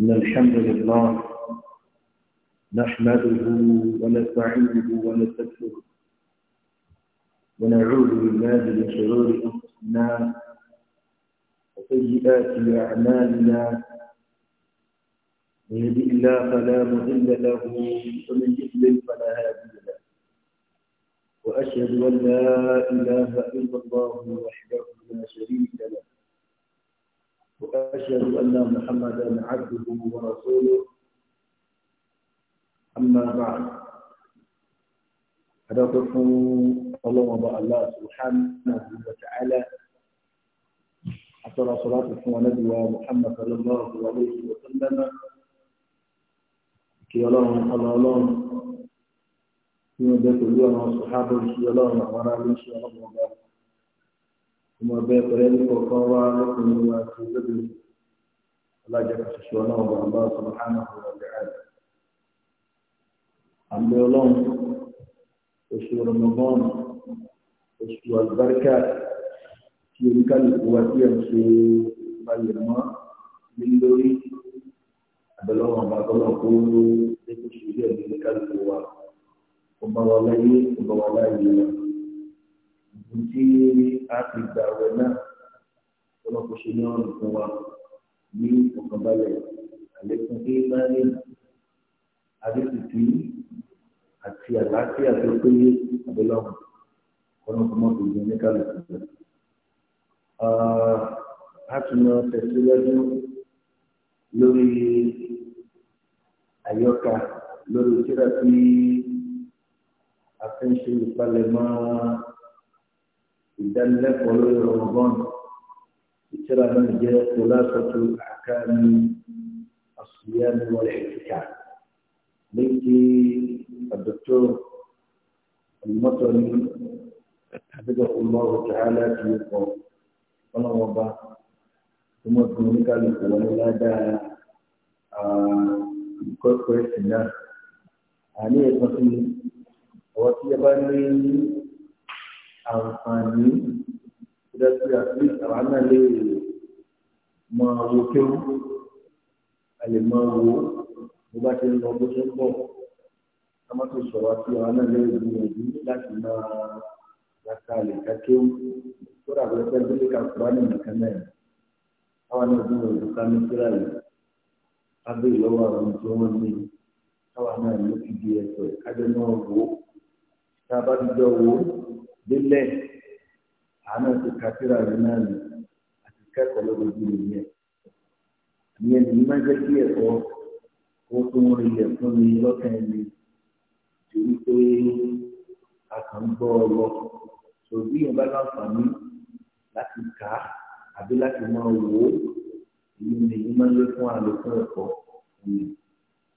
إن الحمد لله نحمده ونستعينه ونستغفره ونعوذ بالله من شرور أنفسنا وسيئات أعمالنا من يهدي الله فلا مضل له ومن يضلل فلا هادي له وأشهد أن لا إله إلا الله وحده لا شريك له وأشهد أن محمدا عبده ورسوله أما بعد أدعوكم الله الله سبحانه وتعالى أترى صلاة ونبي محمد صلى الله عليه وسلم كي الله ọlọ́ الله tí wọ́n bẹ́ pẹ̀lú àwọn sọ̀hábọ̀ ìṣẹ́ ọlọ́run àwọn ará ọmọ ẹgbẹ́ pẹ̀lẹ́ ní kọ̀ọ̀kan wá lọ́kùnrin wa ti lóbìn ọlájà kàṣíṣe ọlọ́run bá ń bá ọ̀sán hánà ọ̀rọ̀ ìrẹ́lẹ̀. àmì ọlọ́run oṣù rọmọgán oṣù àlùbáríkà tí oníkálukú wa tí ẹ̀ ń ṣe balẹ̀ mọ́ nílé lórí àbẹ̀lọ́wọ̀n bá gbọ́dọ̀ kó lóṣù ilé ẹ̀ oníkálukú wa ọba wa láyé ọba wa láyé wọn tí a ti gbà wẹ̀ náà ọlọ́pọ̀ ṣe ní ọ̀rùn fún wa ní ọ̀kànbalẹ̀ àlékún kí bá ní adétutù àti àlàáfíà tó péye àbẹ́lọ́wọ̀ ọlọ́pọ̀ mọ́ gbogbo ní kálukú. a tún lọ tẹ̀síwájú lórí àyọkà lórí tíra tí a fi ń ṣe ìpalẹ̀mọ́ ìdánilẹ́kọ̀ọ́ lórí Ramadan ìtura náà jẹ́ kólásọ́tò àkáàmì àṣùyáni wọlé ìkíkà létí àdótó المطري حفظه الله تعالى في القرآن ọlọ́wọ́n bá tó mọ̀ fún oníkàlùkù wọn ládàá ìkọ́kọ́ ẹ̀sìn náà àní ẹ̀kan sí ọwọ́ tí a bá ní àǹfààní ìdásí àti àwọn náà lè mọ owó kéwù a lè mọ owó bó bá ti ń lọ bó ṣe ń bọ̀ ká má tó sọ̀rọ̀ àti àwọn náà lè gbìyànjú láti máa yàtọ̀ àlè ká kéwù tó rà bẹ́ẹ̀ fẹ́ délé ká kúrò ní nìkan náà àwọn náà gbìyànjú ká ní kíra yìí ká béèrè àwọn tí wọ́n ní káwọn náà ló fi di ẹ̀sọ̀ kájọ náà wò tá a bá ti jọ wò ó délẹ̀ àánú ti kàtírà rẹ̀ náà nì àti kẹ́kọ̀ọ́ lọ́dọọdún nìyẹn ìyẹn ní má jẹ́ kí ẹ̀kọ́ kó tó ń rí ẹ̀kọ́ mi lọ́kàn ẹni ju wípé a kàn ń gbọ́ ọ lọ sòbí yẹn bá láǹfààní láti kà á àbí láti máa wò ó èyí ni èyí máa ń fún àlékún ẹ̀kọ́ mi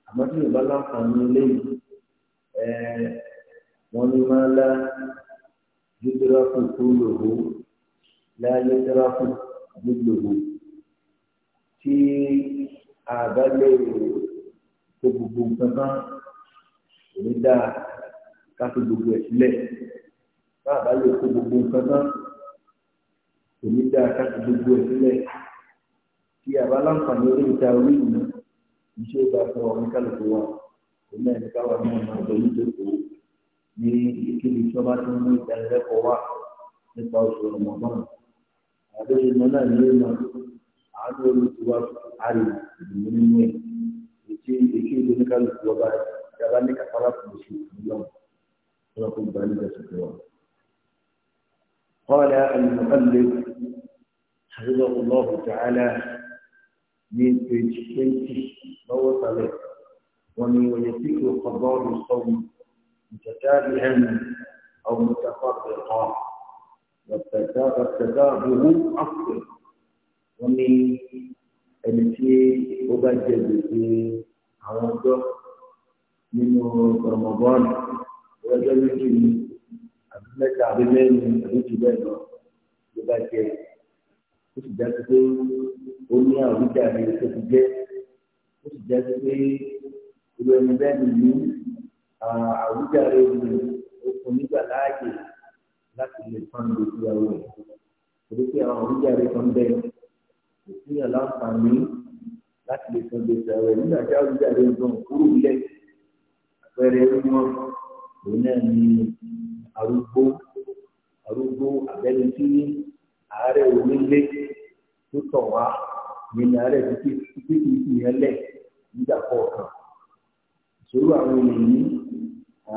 àmọ́ tí yẹn bá láǹfààní lẹ́yìn ẹ̀ wọ́n ní máa lá. يدرك طوله لا يدرك جله tí àbá lè tó gbogbo nǹkan tán òní dáa ká tó gbogbo ẹ̀ sílẹ̀ bá àbá lè tó gbogbo nǹkan tán òní dáa ká tó gbogbo ẹ̀ sílẹ̀ tí àbá láǹfààní orí ìta orí ìlú ìgbà fún ọmọ kálukú wa òun náà ní káwa náà máa bọ̀ nítorí òun. ní ìkéde tí ọba tó ń mú ìdánilẹ́kọ̀ọ́ wá nípa oṣù ọmọdún àdéhùn iná náà ní ìlú àánú olùkúwa àrè ìdùnnú nínú ẹ̀ ètí èkéde oníkálukú ọba ìjọba ní kàkàrà kò sí ìlú ọlọ́kùn gbà nígbà tó fi wà. قال المؤلف حفظه الله تعالى من page 20 روى صالح ومن ويتيك قضاء الصوم متتابعا أو متفرقا والتتابع أفضل ومن ẹni tí ó bá jẹ gbèsè àwọn ọjọ́ nínú rọmọbọ́n ọjọ́ méjì ni àbí mẹ́ta àbí mẹ́rin àbí jù bẹ́ẹ̀ lọ ló bá jẹ ó sì jáde pé ó ní àwùjáde tó ti jẹ ó sì jáde pé irú ẹni bẹ́ẹ̀ nìyí àwùjáre ni okùn nígbà láàyè láti lè fún mi ìyàwó ẹ̀ torí pé àwọn àwùjáre kan bẹ òsínyàn láǹfààní láti lè fún gbèsè rẹ̀ nígbà tí àwùjáre ń gbọ̀n kúrò lẹ̀ àpẹẹrẹ wọn òun náà ní arúgbó arúgbó abẹ́ni tí àárẹ̀ onílé tó tọ̀ wá nínú àárẹ̀ títí títí yẹn lẹ̀ nígbà kọ̀ọ̀kan ìṣòro àwọn ènìyàn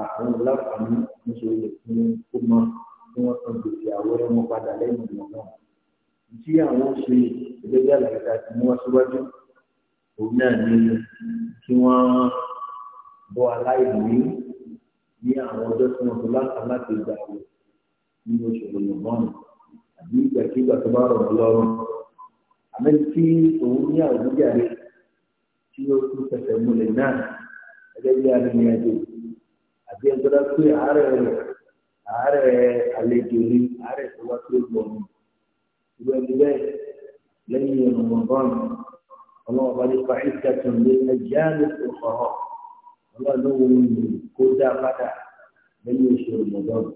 àwọn láǹfààní níṣẹ́ lè fún kó mọ kí wọ́n san gbèsè àwẹ̀ wọn padà lẹ́yìn ìmọ̀ náà tí àwọn ṣe ìgbẹ́jẹ́ àlàyé ta ti mú wá síwájú òun náà ní kí wọ́n bọ́ aláìní ní àwọn ọjọ́ tí wọ́n fi láǹfààní láti gbà wọ̀ nínú oṣù lọ́nà àbí ìgbàkigbà tó bá rọ̀ lọ́rùn àmì tí òun ní àwùjọ rẹ̀ tí ó tún fẹsẹ̀ múlẹ̀ náà gẹ́gẹ́ bí àbí ẹgbẹ́ra pé àárẹ̀ rẹ̀ àárẹ̀ àlejò ni àárẹ̀ tó wá tó lọ ni irú ẹni bẹ́ẹ̀ lẹ́yìn ìrànwọ́n ọlọ́wọ́ bá ní fàáìsì àtúndé ẹ̀jẹ̀ àlè tó kọ̀ọ̀ ọlọ́wọ́ ló ń kó dá padà lẹ́yìn oṣù ìrànwọ́n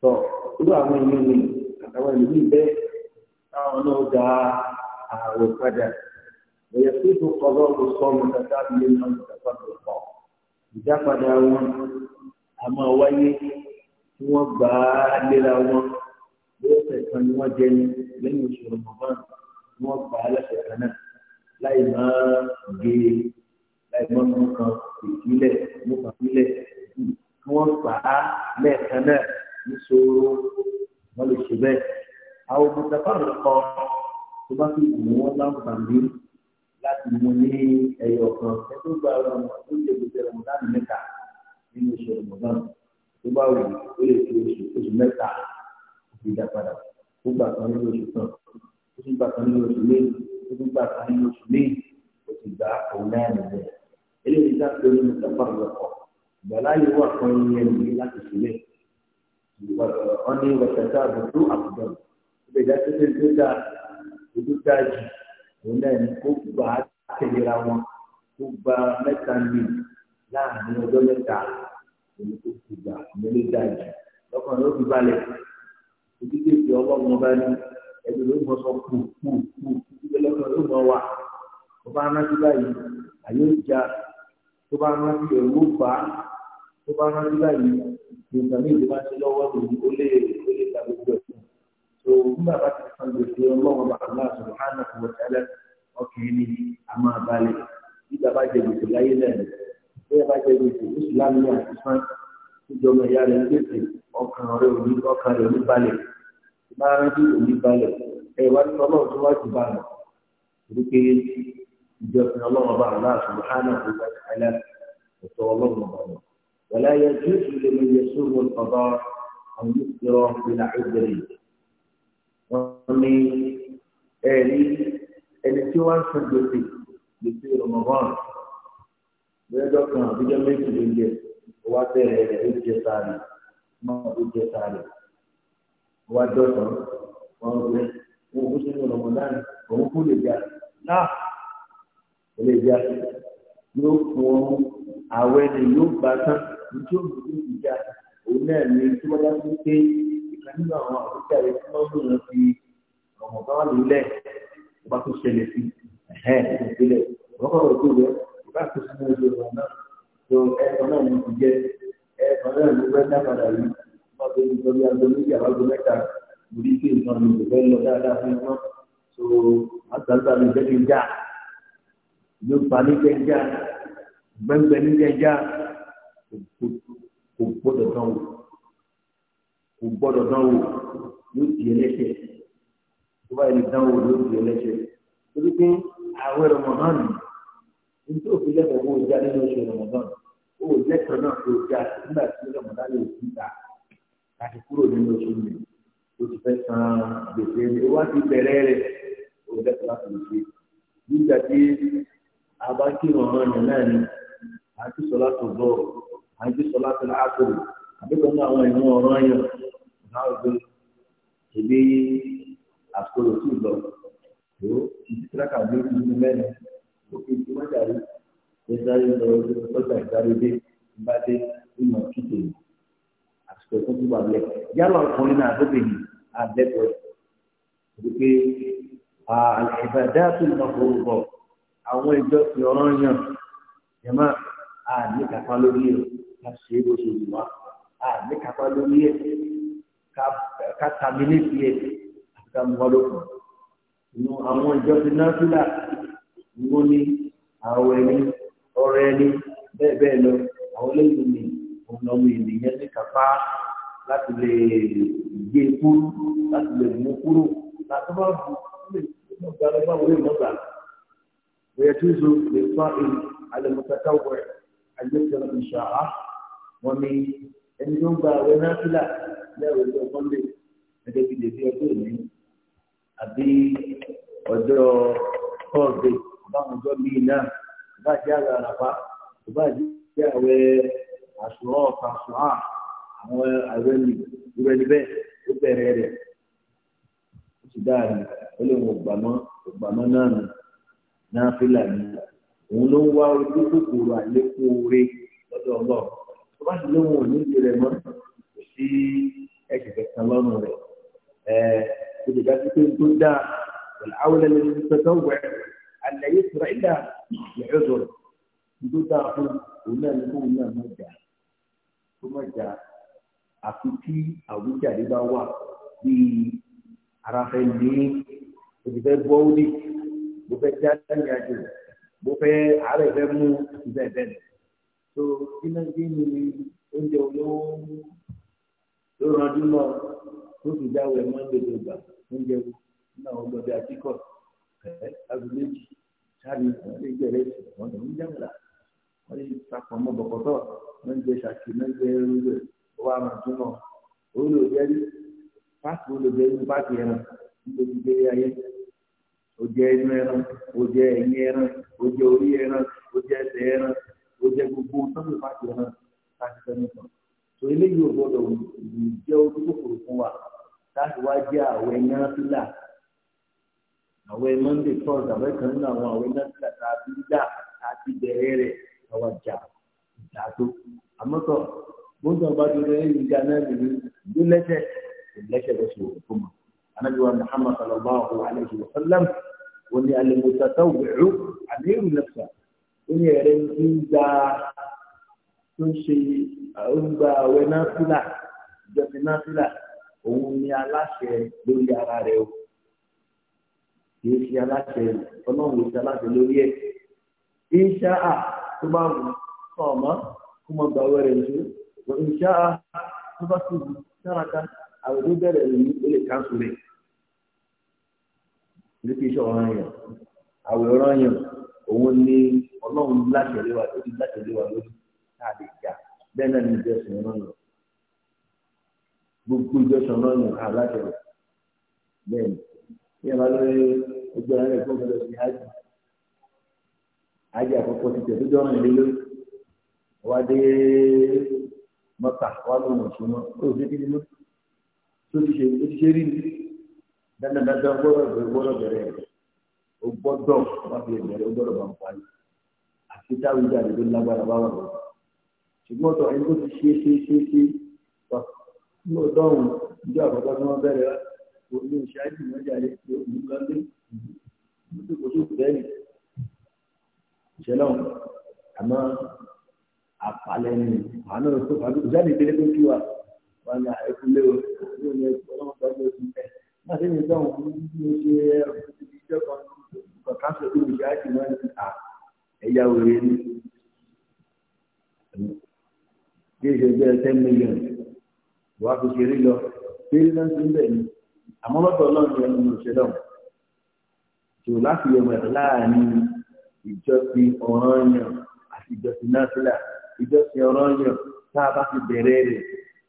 tọ́ irú àwọn ènìyàn ni àtàwọn ìlú bẹ́ẹ̀ táwọn náà dá ààrùn padà lẹ́yìn pé tó kọ́ lọ́wọ́ sọ́ọ̀mù tàbí ẹ̀yìn náà tàbí ọ̀pọ̀ ìdápadà wọn a máa wáyé tí wọ́n gbà á léra wọn lórí ẹ̀sán ni wọ́n jẹ ní lẹ́yìn oṣù rọ̀mọ̀bọ́n ni wọ́n gbà á lẹ́sẹ̀ kan náà láì máa gé láì máa mú kan ìpínlẹ̀ mú kan sílẹ̀ kí wọ́n gbà á lẹ́ẹ̀kan náà ní sòrò lè ṣe bẹ́ẹ̀ àwọn mùsàfà rẹ̀ kọ́ tó bá fi wù wọ́n láǹfààní láti mú ní ẹyọ kan ẹtú gba ọ̀rọ̀ wọn tó jẹ gbèsè rẹ mọdánù mẹ́ta nínú oṣù rọmọdánù tó bá wù ó lè fi oṣù oṣù mẹ́ta òfin dá padà ó gbà kan nínú oṣù kan ó tún gbà kan nínú oṣù lẹ́yìn ó tún gbà kan nínú oṣù lẹ́yìn ó ti gbà òun náà nìyẹn eléyìí dá pé nínú sábà lọkọ ìgbàláyé wà kan ní ẹnu yìí láti sílẹ̀ wọn ní wọtẹtà àbùkù àbùdọ ìgbẹjà tó ṣe tó ojú dáa jù òun náà ni kó gbà á tẹ̀léra wọn kó gba mẹ́ta ní láàrin ọjọ́ mẹ́ta èyí tó ti gbà nílé dájú lọ́kàn ló fi balẹ̀ ojú kéèké ọlọ́run bá ní ẹbí ló mọ sọ kù kù kù títí lọ́kàn ló mọ wà tó bá rántí báyìí àyè ìjà tó bá rántí ẹ̀rú bá tó bá rántí báyìí nǹkan méjì máa ń ṣe lọ́wọ́ lòun ó lè ó gbogbo ẹ̀ nígbà bá ti san gbèsè ọlọ́run bàbá àṣùwọ̀n àtàlẹ́ ọkùnrin ni a máa balẹ̀ nígbà bá jẹ gbèsè láyé lẹ́nu bẹ́ẹ̀ bá jẹ gbèsè ìsìlámù ní àtúnṣán níjọba ìyá rẹ̀ gbèsè ọkàn rẹ̀ òní ọkàn rẹ̀ òní balẹ̀ bá rántí òní balẹ̀ ẹ̀ wá ní ọlọ́run tó wá jù bá lọ torí pé ìjọsìn ọlọ́run bàbá àṣùwọ̀n àtàlẹ́ ọ̀tọ̀ ọlọ́run bàbá ولا يجوز لمن القضاء أن يفطر بلا عذر ní ẹ̀rí ẹni tí wọ́n ń san gbèsè gbèsè rọmọbọ́n lọ́jọ́ kan àbújá méjì ló ń jẹ wá bẹ̀rẹ̀ rẹ̀ ó jẹ sáré máa ó jẹ sáré wá dọ̀tàn wọn gbé wọn kú sínú rọmọdán òun kú lè já náà ó lè já yóò fún ọ àwẹ ni yóò gbà tán nítorí òun kú lè já òun náà ní tí wọ́n dá sí pé ìkànnì àwọn àbújá rẹ̀ tí wọ́n lò lọ fi ọmọ bá lò lẹ̀ ó bá tó ṣẹlẹ̀ sí ẹ̀hẹ́ ìpínlẹ̀ ọgọ́rọ̀ tó rẹ̀ ìbá tó sínú ìlú ọ̀rọ̀ náà tó ẹ̀kọ́ náà ló ti jẹ́ ẹ̀kọ́ náà ló fẹ́ dá padà yìí wọ́n tó ní torí aago méjì àbágo mẹ́ta lórí pé nǹkan ló fẹ́ lọ dáadáa fún wọn tó àtàntà ló fẹ́ ti já ló pa ní jẹ́ já gbẹ́ngbẹ́ ní jẹ́ já kò gbọ́dọ̀ dánwò kò gbọ́dọ̀ dánwò yóò di ẹlẹ́sẹ̀ tó bá yẹ dánwò lórí ẹlẹ́ṣẹ̀ torí pé ààwẹ̀ rọmọdán nítorí òfin lẹ́kọ̀ọ́ kó o já nínú oṣù rọmọdán ó lẹ́kọ̀ọ́ náà kó o já nígbà tí rọmọdán lè fi ta láti kúrò nínú oṣù mi o ti fẹ́ san gbèsè rẹ o wá ti bẹ̀rẹ̀ rẹ o lẹ́kọ̀ọ́ láti lè ṣe nígbà tí a bá kí rọmọdán náà ni àti sọlá tó bọ̀ àti sọlá tó láàkó àbíkọ́ náà àwọn ìmú ọ̀rọ̀ yẹn náà gbé ìbí àsìkò rẹ̀ sì lọ tó ìdí tíráka lórí inú mẹ́rin ó fi ti wọ́n jàre ẹ sáré lọ lọ́jà ìsáré dé bá dé ìmọ̀ kíkè àsìkò tó ti wà lẹ̀ yálà ọkùnrin náà àdóbìnrin àdẹ́kọ̀ọ́ wípé àìbàdá tó lọ kó bọ̀ àwọn ìjọ fi ọ̀rọ̀ yàn jẹ̀mọ́ àníkàpá lórí ẹ̀ ká ṣe é bó ṣe wù wá àníkàpá lórí ẹ̀ ká tàmílẹ̀ sí ẹ̀ ká mú wá lókun inú àwọn ìjọsìn náfìlà ìwọ ni àwọ̀ ẹni ọrẹ ẹni bẹ́ẹ̀ bẹ́ẹ̀ lọ àwọn olóyìn ni òun lọ́mọ ènìyàn ní kápá láti lè gbé kúrú láti lè mú kúrò láti bá bu ìmọ̀ gba lọ́gbà wọlé ìmọ̀ gbà wọ́n yẹ kí lè fa èyí alẹ́mọ̀tàkà wẹ̀ àgbẹ̀tẹ̀ ìṣàá wọn ni ẹni tó ń gba àwẹ̀ náfìlà lẹ́rọ̀ ìjọ sunday gẹ́gẹ́ bí lè fi ọjọ́ ìlú àbí ọjọ́ tọ́ọ̀dé báwọn ọjọ́ bíi náà bá jẹ́ àgbà àràpá bá jẹ́ àwẹ̀ àṣùrọ̀ kàṣùhà àwọn bẹ̀rẹ̀ rẹ̀ ó ti ó lè wọ ògbàmọ́ ògbàmọ́ náà nù náà fílà ní òun ló ń wá ojú kòkòrò àlékún oore lọ́dọ̀ tó bá ti lóhun ولذلك يكون ده والعولة للمتطوع أن يسرع إلا لعذر يكون ده هنا نكون هنا مرجع مرجع أكتي أو مرجع لبا هو بي عرفه لي وجبه بولي وجبه جاتن ياجو وجبه عرفه مو وجبه بنت so kí náà gbé ní oúnjẹ olówó ló rànjú náà ó sì dáwọ́ ẹ̀ mọ́ndé tó gbà oúnjẹ wo nínú àwọn ọgbọ̀n bíi àtikọ̀ ẹ̀ agbèléjì sáàbì ọ̀lẹ́ ìgbẹ̀rẹ̀ wọn lè ń jàmùlà wọn lè papọ̀ mọ́ bọ̀kọ̀tọ̀ wọn jẹ ṣàkì wọn jẹ ẹrúgbẹ wọn àmọ̀ tó nà olùdẹ́rì pàṣẹ olùdẹ́rì pàṣẹ ẹran nítorí gbélé ayé ó jẹ inú ẹran ó jẹ ẹ̀yìn ẹran ó jẹ orí ẹran ó jẹ ẹsẹ̀ ẹran ó gbogbo tọ́jú pàṣẹ ẹran láti fẹ́ tó eléyìí ò gbọ́dọ̀ jẹ́ ojú kòkòrò fún wa láti wá jẹ́ àwẹ̀ náfìlà àwẹ̀ monday thursday àwẹ̀ kan nínú àwọn àwẹ̀ náfìlà tá a fi ń dà tá a ti bẹ̀rẹ̀ rẹ̀ àwa jà ìjà tó àmọ́tọ̀ bóńdà bá dúró ẹ̀yìn ìjà náà nìyí ìlú lẹ́sẹ̀ lẹ́sẹ̀ lọ́sẹ̀ òwò fún mi anabiwa muhammad sallallahu alayhi wa sallam wọ́n ní alimutatawwi'u àmírù nafsa wọ́n ní ẹ̀rẹ́ ń gba tó ń ṣe ń gba àwẹ̀ náfìlà ìjọsìn náfìlà òun ni aláṣẹ lórí ara rẹ o kì í ṣe aláṣẹ ọlọ́run ìṣe aláṣẹ lórí ẹ̀ ìṣá à tó bá wù ọ́ mọ́ kó mọ gba owó rẹ̀ ní ìṣá à tó bá tó wù àwọn tó bẹ̀rẹ̀ ní ó lè káńsù rẹ̀ ní kí iṣẹ́ ọ̀ràn yẹn àwẹ̀ ọ̀ràn yẹn òun ni ọlọ́run láṣẹ lé wa lórí láṣẹ lé lórí káàdì ìjà bẹ́ẹ̀ náà ni ìjọsìn ọ̀ràn yẹn gbogbo ìjọsìn náà nù aláṣẹ rẹ bẹ́ẹ̀ ni bí ẹ bá lọ rí ẹgbẹ́ rẹ fún ọgbẹ lọ sí hajj hajj àkọ́kọ́ ti tẹsí jọrọ ìlú lórí wá dé mọta wá lọ wọn súnmọ́ ó fi kí ni mọ tó ti ṣe ó ti ṣe rí ni dandandandan gbọ́dọ̀ bẹ̀rẹ̀ gbọ́dọ̀ bẹ̀rẹ̀ o gbọ́dọ̀ wọn fi bẹ̀rẹ̀ o gbọ́dọ̀ bá ń parí àti táwọn ìjà rẹ lágbára bá lọ ṣùgbọ́n tó ẹni tó ti ṣe ṣe ṣe ṣe wà ní ọdọ́run ìjọ àkọ́kọ́ tí wọ́n bẹ̀rẹ̀ olú ìṣáájú mọ́jàre pé òun kan dé nítorí kò tó bẹ́ẹ̀ ìṣẹ̀lẹ̀ ọ̀hún àmọ́ àpàlẹ́ ni àánú rẹ̀ tó fàánú ìjáde délé tó kí wa wọn ni àìkúlé o ní òun ẹ̀kọ́ ọlọ́run tọ́jú oṣù bẹ́ẹ̀ náà sẹ́yìn sọ́hún ní ṣe ìṣẹ́ kan kọ̀ọ̀kan sọ pé ìṣáájú mọ́ ẹ̀yà òwe wà á fi ṣeré lọ ṣeré náà ti ń bẹ̀ ni àmọ́ lọ́dọ̀ ọlọ́run yẹn ló ṣe lọ́wọ́ tó láti yẹ wẹ̀ láàrin ìjọsìn ọ̀ràn yàn àti ìjọsìn náà ìjọsìn ọ̀ràn yàn tá a bá ti bẹ̀rẹ̀ rẹ̀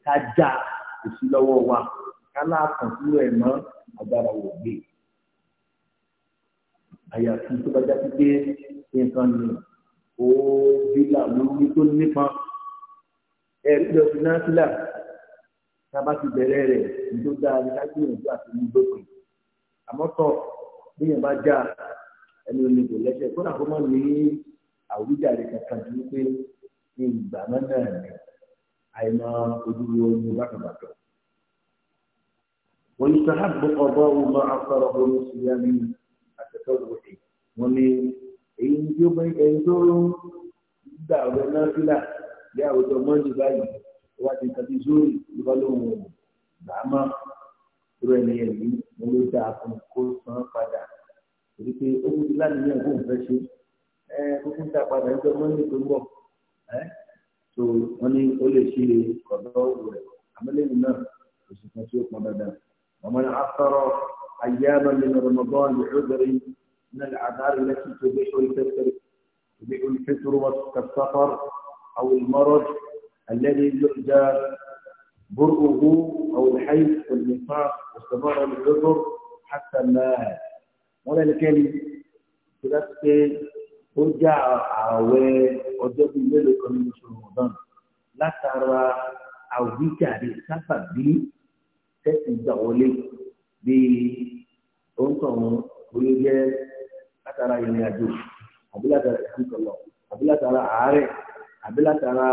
ká já òsì lọ́wọ́ wa ká láàkàn sílẹ̀ ẹ̀ mọ́ agbára wò gbé àyàfi tó bá já sí pé nǹkan ni ó bí làwọn orí tó nípa ẹ̀rí ìjọsìn náà tába ti bẹ̀rẹ̀ rẹ̀ nítorí dáa ní kágbìyànjú àti nígbòkè àmọ́ tọ̀ bíyàn bá já ẹni omi kò lẹ́sẹ̀ kódà kó má ní àwùjáde kankan tó pé ní ìgbà náà náà ni àìmọ̀ ojúlówó ní bákàbàkà. wọ́n yìí sọ́hà gbọ́kọ̀ bọ́ ọmọ afọ́rọ̀ ọmọ sílẹ̀ ní àtẹ̀tọ́ òkè wọ́n ní èyí tí ó bẹ́ ẹni tó gbà ọ̀rẹ́ náà sílà bí àwùjọ mọ́ndé wọ́n ti tàbí zórí ìbálòwò bàmá irú ẹni yẹn yìí mo ló dáa fún kó san padà torí pé ó kú láti ní ẹ̀kọ́ òǹfẹ́ ṣe ẹ kó kú dá padà ẹgbẹ́ mọ́nì tó ń bọ̀ ẹ́ tó wọ́n ní ó lè ṣe ọ̀dọ́ rẹ̀ àmọ́lẹ́yìn náà oṣù kan tí ó pọn dandan ọmọ náà afárọ̀ ayélujára mi ní rọmọdún ìṣòdòrí من الأعذار التي تبيح الفطر تبيح الفطر كالسفر أو المرض الذي يؤذى برؤه أو الحيض والنفاق واستمر العذر حتى مات ولا الكلمة تلقي ọjà ààwẹ̀ ọjọ́ bíi mélòó kan nínú ṣòwòdán látara àwíjàre sábàbí tẹ̀sí ìgbà wọlé bíi oǹtọ̀hún orí jẹ́ látara ìrìn àjò àbí látara ìfúnkọlọ àbí látara àárẹ̀ àbí látara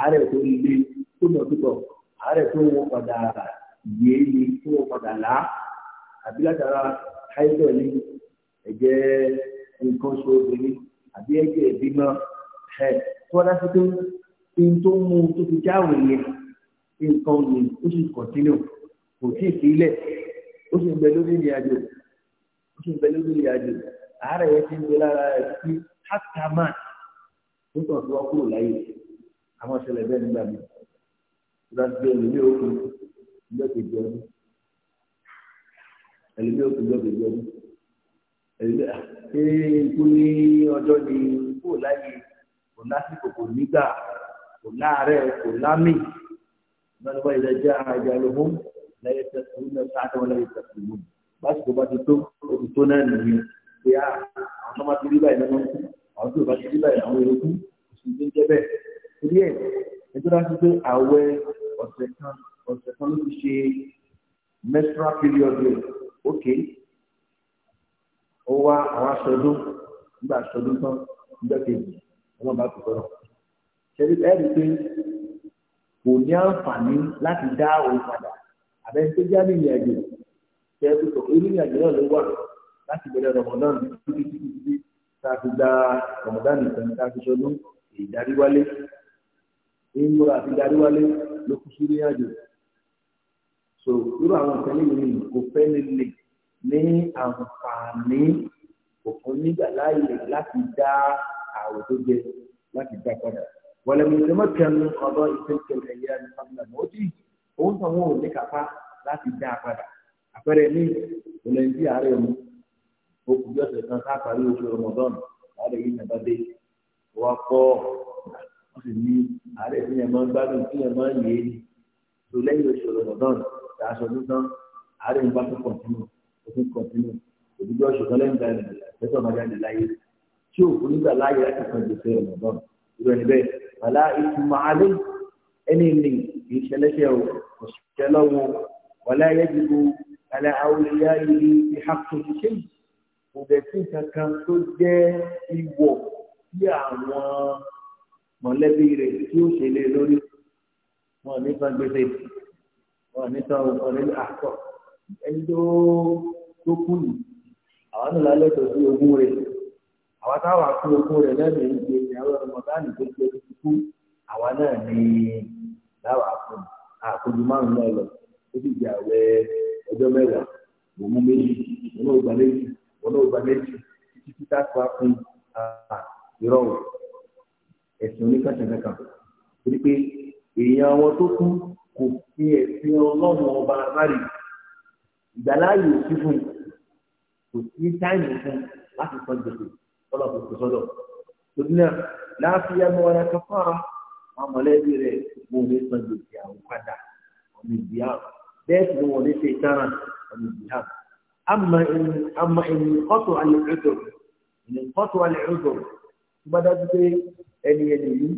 ààrẹ tó lé tó lọ tó tọ àárẹ̀ tó wọ́n padà yé ni tó wọ́n padà là àbí látara háìtọ̀ ni ẹ̀jẹ̀ nǹkan obìnrin àbí ẹ̀jẹ̀ ìbímọ ẹ̀ tó wọ́n dá sí tó mú tó fi jáwèé yẹn nǹkan ni ó sì kò àmọ́ ṣẹlẹ̀ bẹ́ẹ̀ nígbà mi ìgbà tí ẹlòmí òkú ìjọ kejì ọdún ẹlòmí òkú ìjọ kejì ọdún ẹlòmí ah, ṣé ikú ní ọjọ́ ni kó láyé kò lásìkò kò nígbà kò láàárẹ̀ kò lámì ìgbàlú bá ilẹ̀ jẹ́ àjà lóhùn lẹ́yìn tẹ̀sán ní ọ̀sán àtàwọn lẹ́yìn tẹ̀sán lóhùn lásìkò bá ti tó o ti tó náà nìyẹn pé ah, àwọn ọmọ ti rí báyìí lọ́wọ́ àwọn tó bá ti rí báyìí àwọn èrò kú kò sì torí ẹ̀ ẹjọ́ bá ti pé àwẹ̀ ọ̀sẹ̀ kan ọ̀sẹ̀ kan ló ti ṣe menstrual period rẹ̀ ok ó wá àwọn aṣọdún nígbà aṣọdún tán nígbà kejì wọn bá tó sọ̀rọ̀ ṣẹlẹ̀ ẹ rí i pé kò ní àǹfààní láti dá òun padà àbẹ tó já ní ìrìn àjò ṣe é tó ìrìn àjò náà ló wà láti bẹ̀rẹ̀ rọmọdán títí títí títí tá a fi gba rọmọdán nìkan tá a fi ṣọdún ìdarí wálé ń múra àti darí ló kú sí ní so irú àwọn nǹkan yìí ni kò fẹ́ lè lè ní àǹfààní òfin nígbà láàyè láti dá àwò tó jẹ láti dá padà wọlé mi ṣe mọ kẹnu ọdọ ìṣẹkẹlẹ ẹyẹ ní fámìlà mọtì òun tó wọn ò ní kápá láti dá padà àpẹẹrẹ ní ìpínlẹ̀ ní ààrẹ mu bí ọ̀sẹ̀ kan ká parí oṣù rọmọdọ́nù láàrẹ yìí nàbàdé wọ́n kọ́ ó sì ní àárẹ̀ tí yẹn máa ń gbádùn tí yẹn máa ń yé ni tó lẹ́yìn oṣù rọ̀mọ̀dán tá a sọ ní tán àárẹ̀ ń bá tó kọ̀tínú ó tún kọ̀tínú òdúgbò oṣù kan lẹ́yìn ìgbàlẹ̀ tẹ́tọ̀ máa jáde láyé tí òkú nígbà láyé láti kan gbèsè rọ̀mọ̀dán irú ẹni bẹ́ẹ̀ bàlá ìtumọ̀ alẹ́ ẹni ní kì í ṣẹlẹ́ṣẹ̀ o kò lọ́wọ́ mọ̀lẹ́bí rẹ̀ tí ó ṣe lé lórí wọn ní san wọn ní san ẹni tó tó kú àwọn náà tó sí ogún rẹ̀ àwọn táwọn akú ogún rẹ̀ lẹ́nu ìgbé ní àwọn ọmọdánì tó ti ẹni kú náà ní láwọn àkùn márùn náà lọ ó sì jẹ àwẹ ẹ̀sìn oníkàṣàkàkà torí pé èèyàn àwọn tó kú kò fi ẹ̀sìn ọlọ́run ọba rárẹ̀ ìgbàláyè òsì fún kò sí táìmù fún láti sọ gbèsè ọlọ́run kò sọ́dọ̀ torí náà láàfíà ni wọn yàtọ̀ fára wọn mọ̀lẹ́bí rẹ̀ mo lè sọ gbèsè àwọn padà ọmọ ìdí bẹ́ẹ̀ sì ni wọn lè ṣe ìtara ọmọ ìdí àwọn. أما إن أما إن قطع العذر إن قطع العذر بدأت ẹni ẹni yìí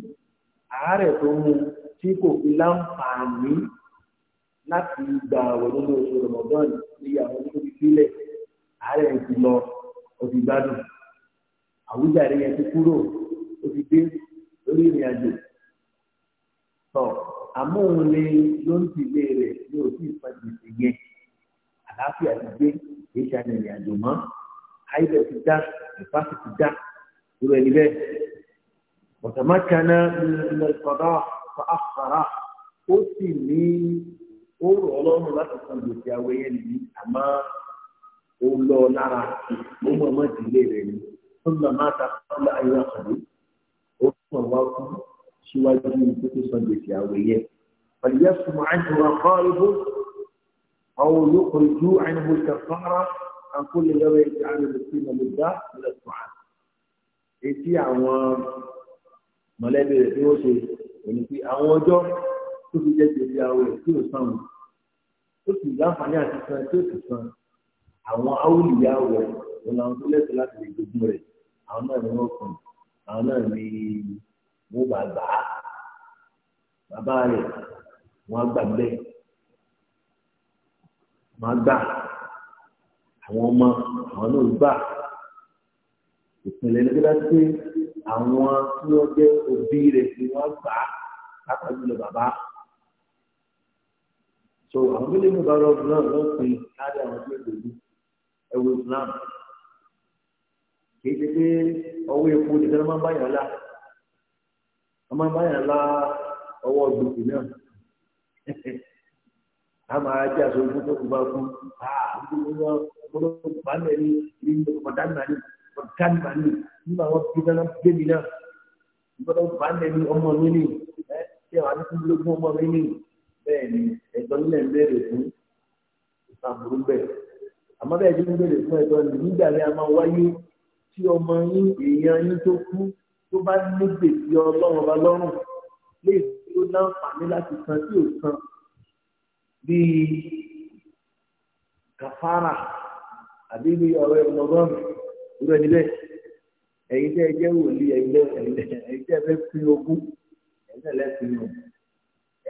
àárẹ̀ tó mú tí kò fi láǹfààní láti gba àwọn nínú oṣù rọmọdán ní àwọn tó fi sílẹ̀ àárẹ̀ ti lọ òfin gbádùn àwùjáde yẹn ti kúrò ó ti dé lórí ìrìn àjò tọ àmóhunlé ló ń tìlé rẹ̀ ní òsì ìfàjèsè yẹn àlàáfíà ti dé kì í ṣe àjò mọ́ àyẹ̀bẹ̀ ti dá ìfásitì dá irú ẹni bẹ́ẹ̀ وتمكن من القضاء فأخره ó sì ní ó rọ̀ ọlọ́run láti san gbèsè àwọn yẹn nìyí àmọ́ ó lọ lára mo mọ̀ mọ́ ìdílé rẹ̀ ni ó lọ máa ta fúnlẹ̀ ayé àkàdé ó mọ̀ wá kú síwájú ikú tó san gbèsè àwọn yẹn. فليصم عنه رقائبه أو يخرج عنه الكفارة عن كل يوم يجعل المسلم لله من الطعام. إتي عوام mọ̀lẹ́bí rẹ̀ tí wọ́n ṣe òní pé àwọn ọjọ́ tó fi jẹ́ gbèsè àwọn rẹ̀ tí ò san wọn tó sì láǹfààní àti san tí ó sì san àwọn áwùlìyá rẹ̀ òun àwọn tó lẹ́sẹ̀ láti lè gbógun rẹ̀ àwọn náà ni wọ́n kàn àwọn náà ni wọ́n bá gbà á bàbá rẹ̀ wọ́n gbà bẹ́ẹ̀ wọ́n gbà àwọn ọmọ àwọn náà gbà ìpínlẹ̀ nígbà tí àwọn tí wọ́n jẹ́ òbí rẹ̀ tí wọ́n gbà á látàjú lọ bàbá. so àwọn tó lè mú bàbá ọdún náà lọ pin láti àwọn tó lè gbòdú ẹwọ Islam kì í ṣe pé ọwọ́ epo nìkan máa ń bá lá wọ́n máa ń bá lá ọwọ́ gbòdì náà a máa jẹ́ àṣọ ìfúnpọ̀ kó bá fún un ah ìdílé wọn kó ló bá mẹ́rin ní ọ̀dánù náà nìyí ọ̀gá ni màá ní nígbà wọn fi dáná débi náà gbọ́dọ̀ bá lẹ́nu ọmọ mi ní ẹ ṣé wàá ní fún lógún ọmọ mi ní bẹ́ẹ̀ ni ẹ̀gbọ́n nílẹ̀ ń bẹ̀rẹ̀ fún ìsàbùrú bẹ́ẹ̀ àmọ́ bẹ́ẹ̀ ti ń bẹ̀rẹ̀ fún ẹ̀gbọ́n ní nígbà yẹn a máa wáyé tí ọmọ yín èèyàn yín tó kú tó bá ní gbèsè ọlọ́run ọba lọ́rùn lè tó láǹfààní láti san tí ò san bíi kàfárà àbí bíi ọ̀rẹ́ ọmọdọ́rùn irú ẹni bẹ́ẹ̀ ẹ̀yin tẹ́ ẹ jẹ́ wòlíì ẹ̀yin tẹ́ ẹ̀yin tẹ́ ẹ fẹ́ pín ogún ẹ̀yin tẹ́ ẹ lẹ́sìn o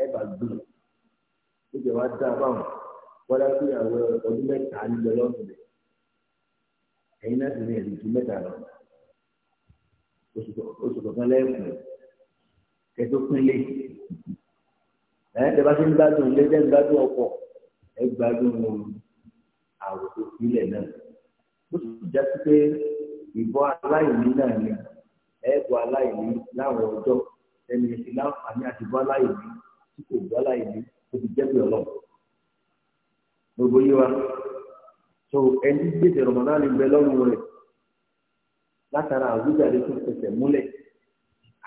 ẹ bá gbé o jẹ wá dá báwọn wọ́dà pé àwọn ọdún mẹ́ta ń lọ lọ́sùn rẹ̀ ẹ̀yin náà sì ní ẹ̀rí ju mẹ́ta lọ oṣù kọ̀ọ̀kan lẹ́ẹ̀kùn kẹtó pínlẹ̀ ẹ̀ tẹ́ bá ti gbádùn ilé tẹ́ gbádùn ọkọ̀ ẹ gbádùn àwòrán ìpínlẹ̀ náà bó sì já sí pé ìbọn aláìní náà ni ẹ̀ẹ́bọ aláìní láwọn ọjọ́ ẹni ẹ̀sìn láǹfààní àti ìbọn aláìní tí kò bọ́ aláìní tó fi jẹ́bi ọlọ́run. gbogbo yìí wa so ẹni gbèsè rọmọdá lè bẹ lọ́rùn rẹ̀ látara àwùjáde tó fẹsẹ̀ múlẹ̀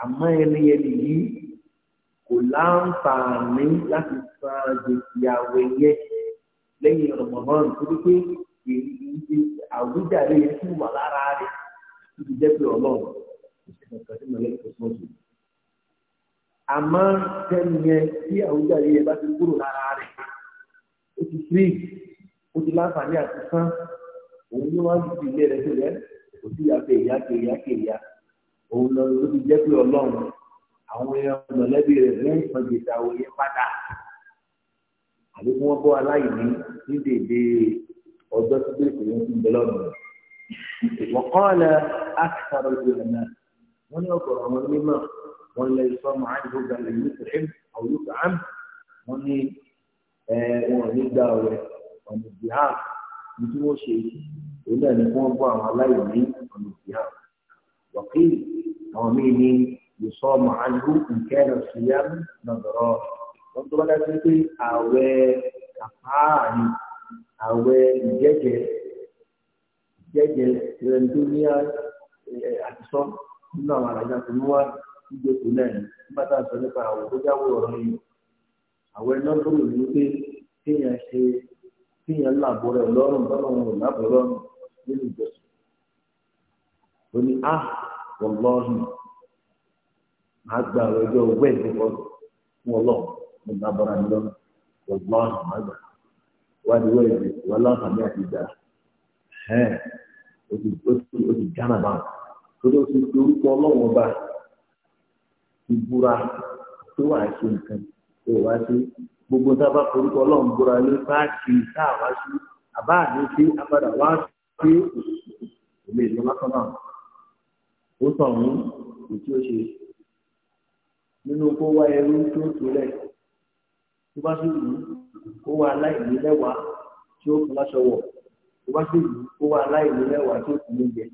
àmọ́ ẹni ẹni yìí kò láǹfààní láti san gbèsè àwẹ̀yẹ lẹ́yìn rọmọdá nítorí pé àwùjáde yẹn ti wà lára rẹ̀ tó ti jẹ́ pé ọlọ́run kò sí kankan tí mọ̀lẹ́bí kò sí mọ́tò. àmọ́ tẹ́nu yẹn tí àwùjáde yẹn bá ti kúrò lára rẹ̀ ó ti firi ó ti láǹfààní àti sán òun ló wá ju ilé rẹ̀ tó rẹ̀ kò sí yàtọ̀ ìyá kèèyà kèèyà òun lọ ló ti jẹ́ pé ọlọ́run àwọn èèyàn mọ̀lẹ́bí rẹ̀ lẹ́yìn kan gbèsè àwọn àbí kí wọ́n bọ́ aláìní ní dèdè ọjọ́ tí bíríkì ló ń tún bẹ lọ́nà rẹ̀. wọ́kọ́lẹ̀ akitaro ìlú náà wọ́n ní ọ̀gọ̀rọ̀ wọn mímọ́ wọn lè sọ màá ní gbogbo àlè yìí tó ẹ̀m àwọn olùkọ́ àm wọ́n ní wọn ní gbà rẹ̀ ọ̀nà ìdíhà ní tí ṣe èyí náà ni wọ́n bọ́ àwọn aláìní ọ̀nà ìdíhà wọ́kìlì àwọn míì ní yòsọ́ màá ní nǹkẹ́ rẹ̀ ṣìyàm nàdọ̀rọ̀ wọ́n tó bá dá sí pé ààwẹ̀ kàfáà ni àwẹ̀ ìjẹ́jẹ́ jẹ́jẹ́ rẹ̀ tó ní àtisọ́ nínú àwọn àràjà tó ń wá ìjókòó náà ní bá tá a sọ nípa àwọ̀ tó jáwé ọ̀rọ̀ yìí àwẹ̀ náà tó lò ní pé kéèyàn ṣe kéèyàn làbọ̀ rẹ̀ lọ́rùn bọ́lá wọn ò lábọ̀ lọ́rùn nínú ìjọsìn ó ní a wọ̀ lọ́rùn máa gba àwọn ẹjọ́ owó ẹ̀ tó kọ́ fún ọlọ́run mo gbà bọ́ra mi lọ́rùn wọ̀ lọ́rùn gbà wádìí wẹ́ẹ̀dì wọn láǹfààní àti ìgbà ó ti gánà bá o ó ti fi orúkọ ọlọ́wọ́ bá ìbúra tó wà ṣe nǹkan tó wá gbogbo tá a bá forúkọ ọlọ́run búra lé bá ṣe tá a wá sí àbá àdé sí apádà wá sí ilé ìlú lásán náà ó tàn mú ètí ó ṣe nínú kó wá ẹrú kó wá aláìní lẹ́wàá tí ó fún láṣọ wọ̀ tó bá sì wù kó aláìní lẹ́wàá tí ó fún oúnjẹ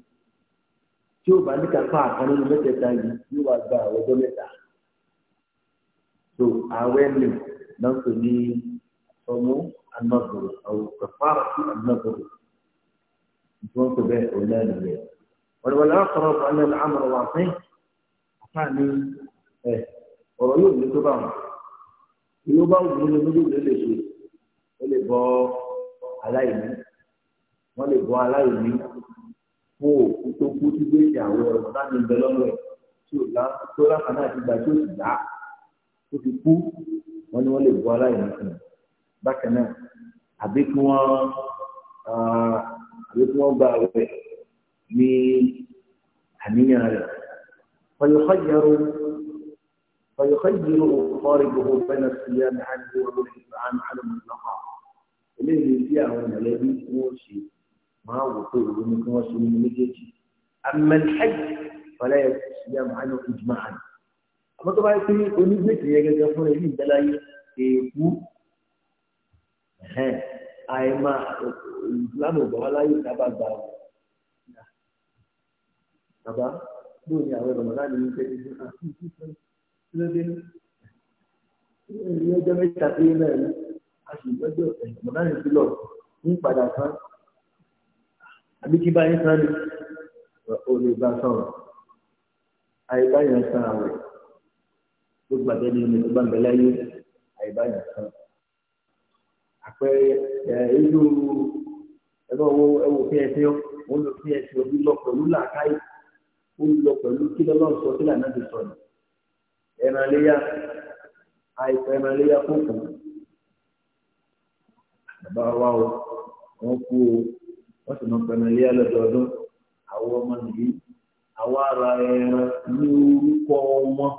tí ó bá ní kápá àkànní ní mẹ́tẹ̀ẹ̀ta yìí yóò wá gba ọjọ́ mẹ́ta tó ààrẹ náà ní ọmú anọ́dọ̀rọ̀ àwọn kàfàrà sí tó nìyẹn fún alẹ́ wà fún ọ̀rọ̀ yóò ní tó bá wọn. ìlú bá wù ú lójú ló lè ṣe ó lè bọ́ aláìní wọ́n lè bọ́ aláìní fún òkú tó kú tí gbèsè àwọn ọ̀rọ̀ láti ń bẹ lọ́wọ́ ẹ̀ tí ò dá tó rákà náà ti gbà tí ó sì dá tó fi kú wọ́n ní wọ́n lè bọ́ aláìní fún un bákan náà àbí kí wọ́n àbí kí wọ́n gba àwẹ̀ ní àníyàn rẹ̀ wọ́n yóò kọ́ فيخير طالبه بين الصيام عنه والانفعال على المنطقة الذي فيها أهون الذي موشي ما هو طول من موشي من مجيشي أما الحج فلا يجب عنه إجماعا أما طبعا يقول ونزلت يجب يقول لي هناك إيكو àìmá ìsìlámù ما láyé sábà gbà يتابع Bàbá, تابع àwọn ọmọ náà من ní pẹ́ẹ́lí lóde ní ọjọ́ mẹ́ta pé mẹ́rin a sì gbọ́dọ̀ ẹ̀sìn náà ní lọ ní padà kan àbí kí báyìí kan ní olè bá sọ̀rọ̀ àyíká yẹn san àwẹ̀ tó gbàgbé ní omi tó bá ń bẹ láyé àyíká yẹn san àpẹẹrẹ ẹ inú ẹgbẹ́ owó ẹwò fí ẹsẹ̀ wọn lọ fí ẹsẹ̀ omi lọ pẹ̀lú làákàyè ó lọ pẹ̀lú kí lọ́lọ́run sọ kí lànà ti sọ̀rọ̀ ẹran léyà àìpẹ́ ẹran léyà kò kù bàbá wa o wọ́n kú o wọ́n sì máa pẹ́ ẹran léyà lọ́dọọdún àwọn ọmọ nìyí àwọn ara ẹran ní orúkọ wọn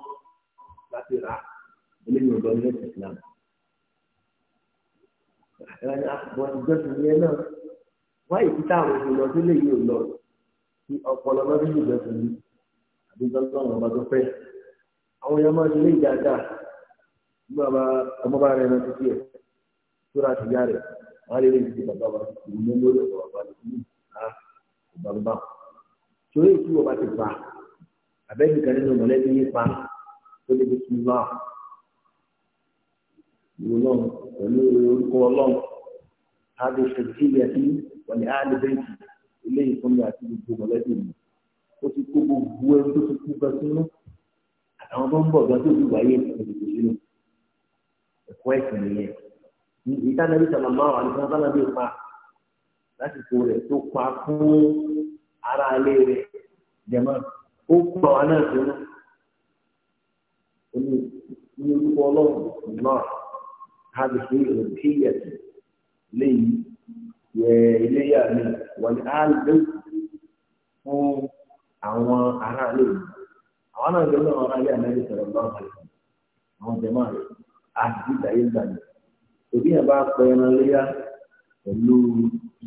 láti rà eléyìí ọ̀dọ́ ní ẹ̀sìn Islam ẹran àwọn ìjọsìn yẹn náà wọ́n yìí títà àwọn òṣèlú ọdún lè yí ò lọ sí ọpọlọ lọ́dún ìjọsìn yìí àbí dọ́gbọ́n ọba tó fẹ́ àwọn èèyàn máa ń lé dáadáa nígbà bá ọmọ bá rẹ̀ náà títí ẹ̀ tó ra tìyá rẹ̀ wọ́n á lè rí ìdílé bàbá wa ìlú mọ́ lórí ọ̀rọ̀ bàbá rẹ̀ ní ìhà ìbàmbá. torí èyí tí wọ́n bá ti pa àbẹ́bí kan nínú mọ̀lẹ́bí yín pa tó lè fi tún wá ìwọ náà pẹ̀lú orúkọ ọlọ́run àbí ṣèjìlẹ̀ tí wọ́n ní àlè bẹ́ẹ̀kì ilé ìfúnni àti gbogbo mọ̀lẹ́bí mi ó ti kó gbogbo ẹni tó ti kú gan sínú àwọn tó ń bọ̀ gan tó ti wáyé ìdìbò sínú ẹ̀kọ́ ẹ̀sìn nìyẹn ìtànàbí sàlámà wà ní sábàlá bí pa lásìkò rẹ̀ tó pa fún ara alẹ́ rẹ̀ jẹ̀mọ́ ó kú àwọn náà ní orúkọ ọlọ́run náà káàdì sí léyìí yẹ fún àwọn ará alẹ́ rẹ̀. àwọn náà jẹ́ lọ́wọ́ ayé ànábì sọ̀rọ̀ bá wà lẹ́yìn àwọn jẹ̀mọ́ rẹ̀ àti ìdáyé gbàgbé òbí yẹn bá pẹ́ ẹran léyà pẹ̀lú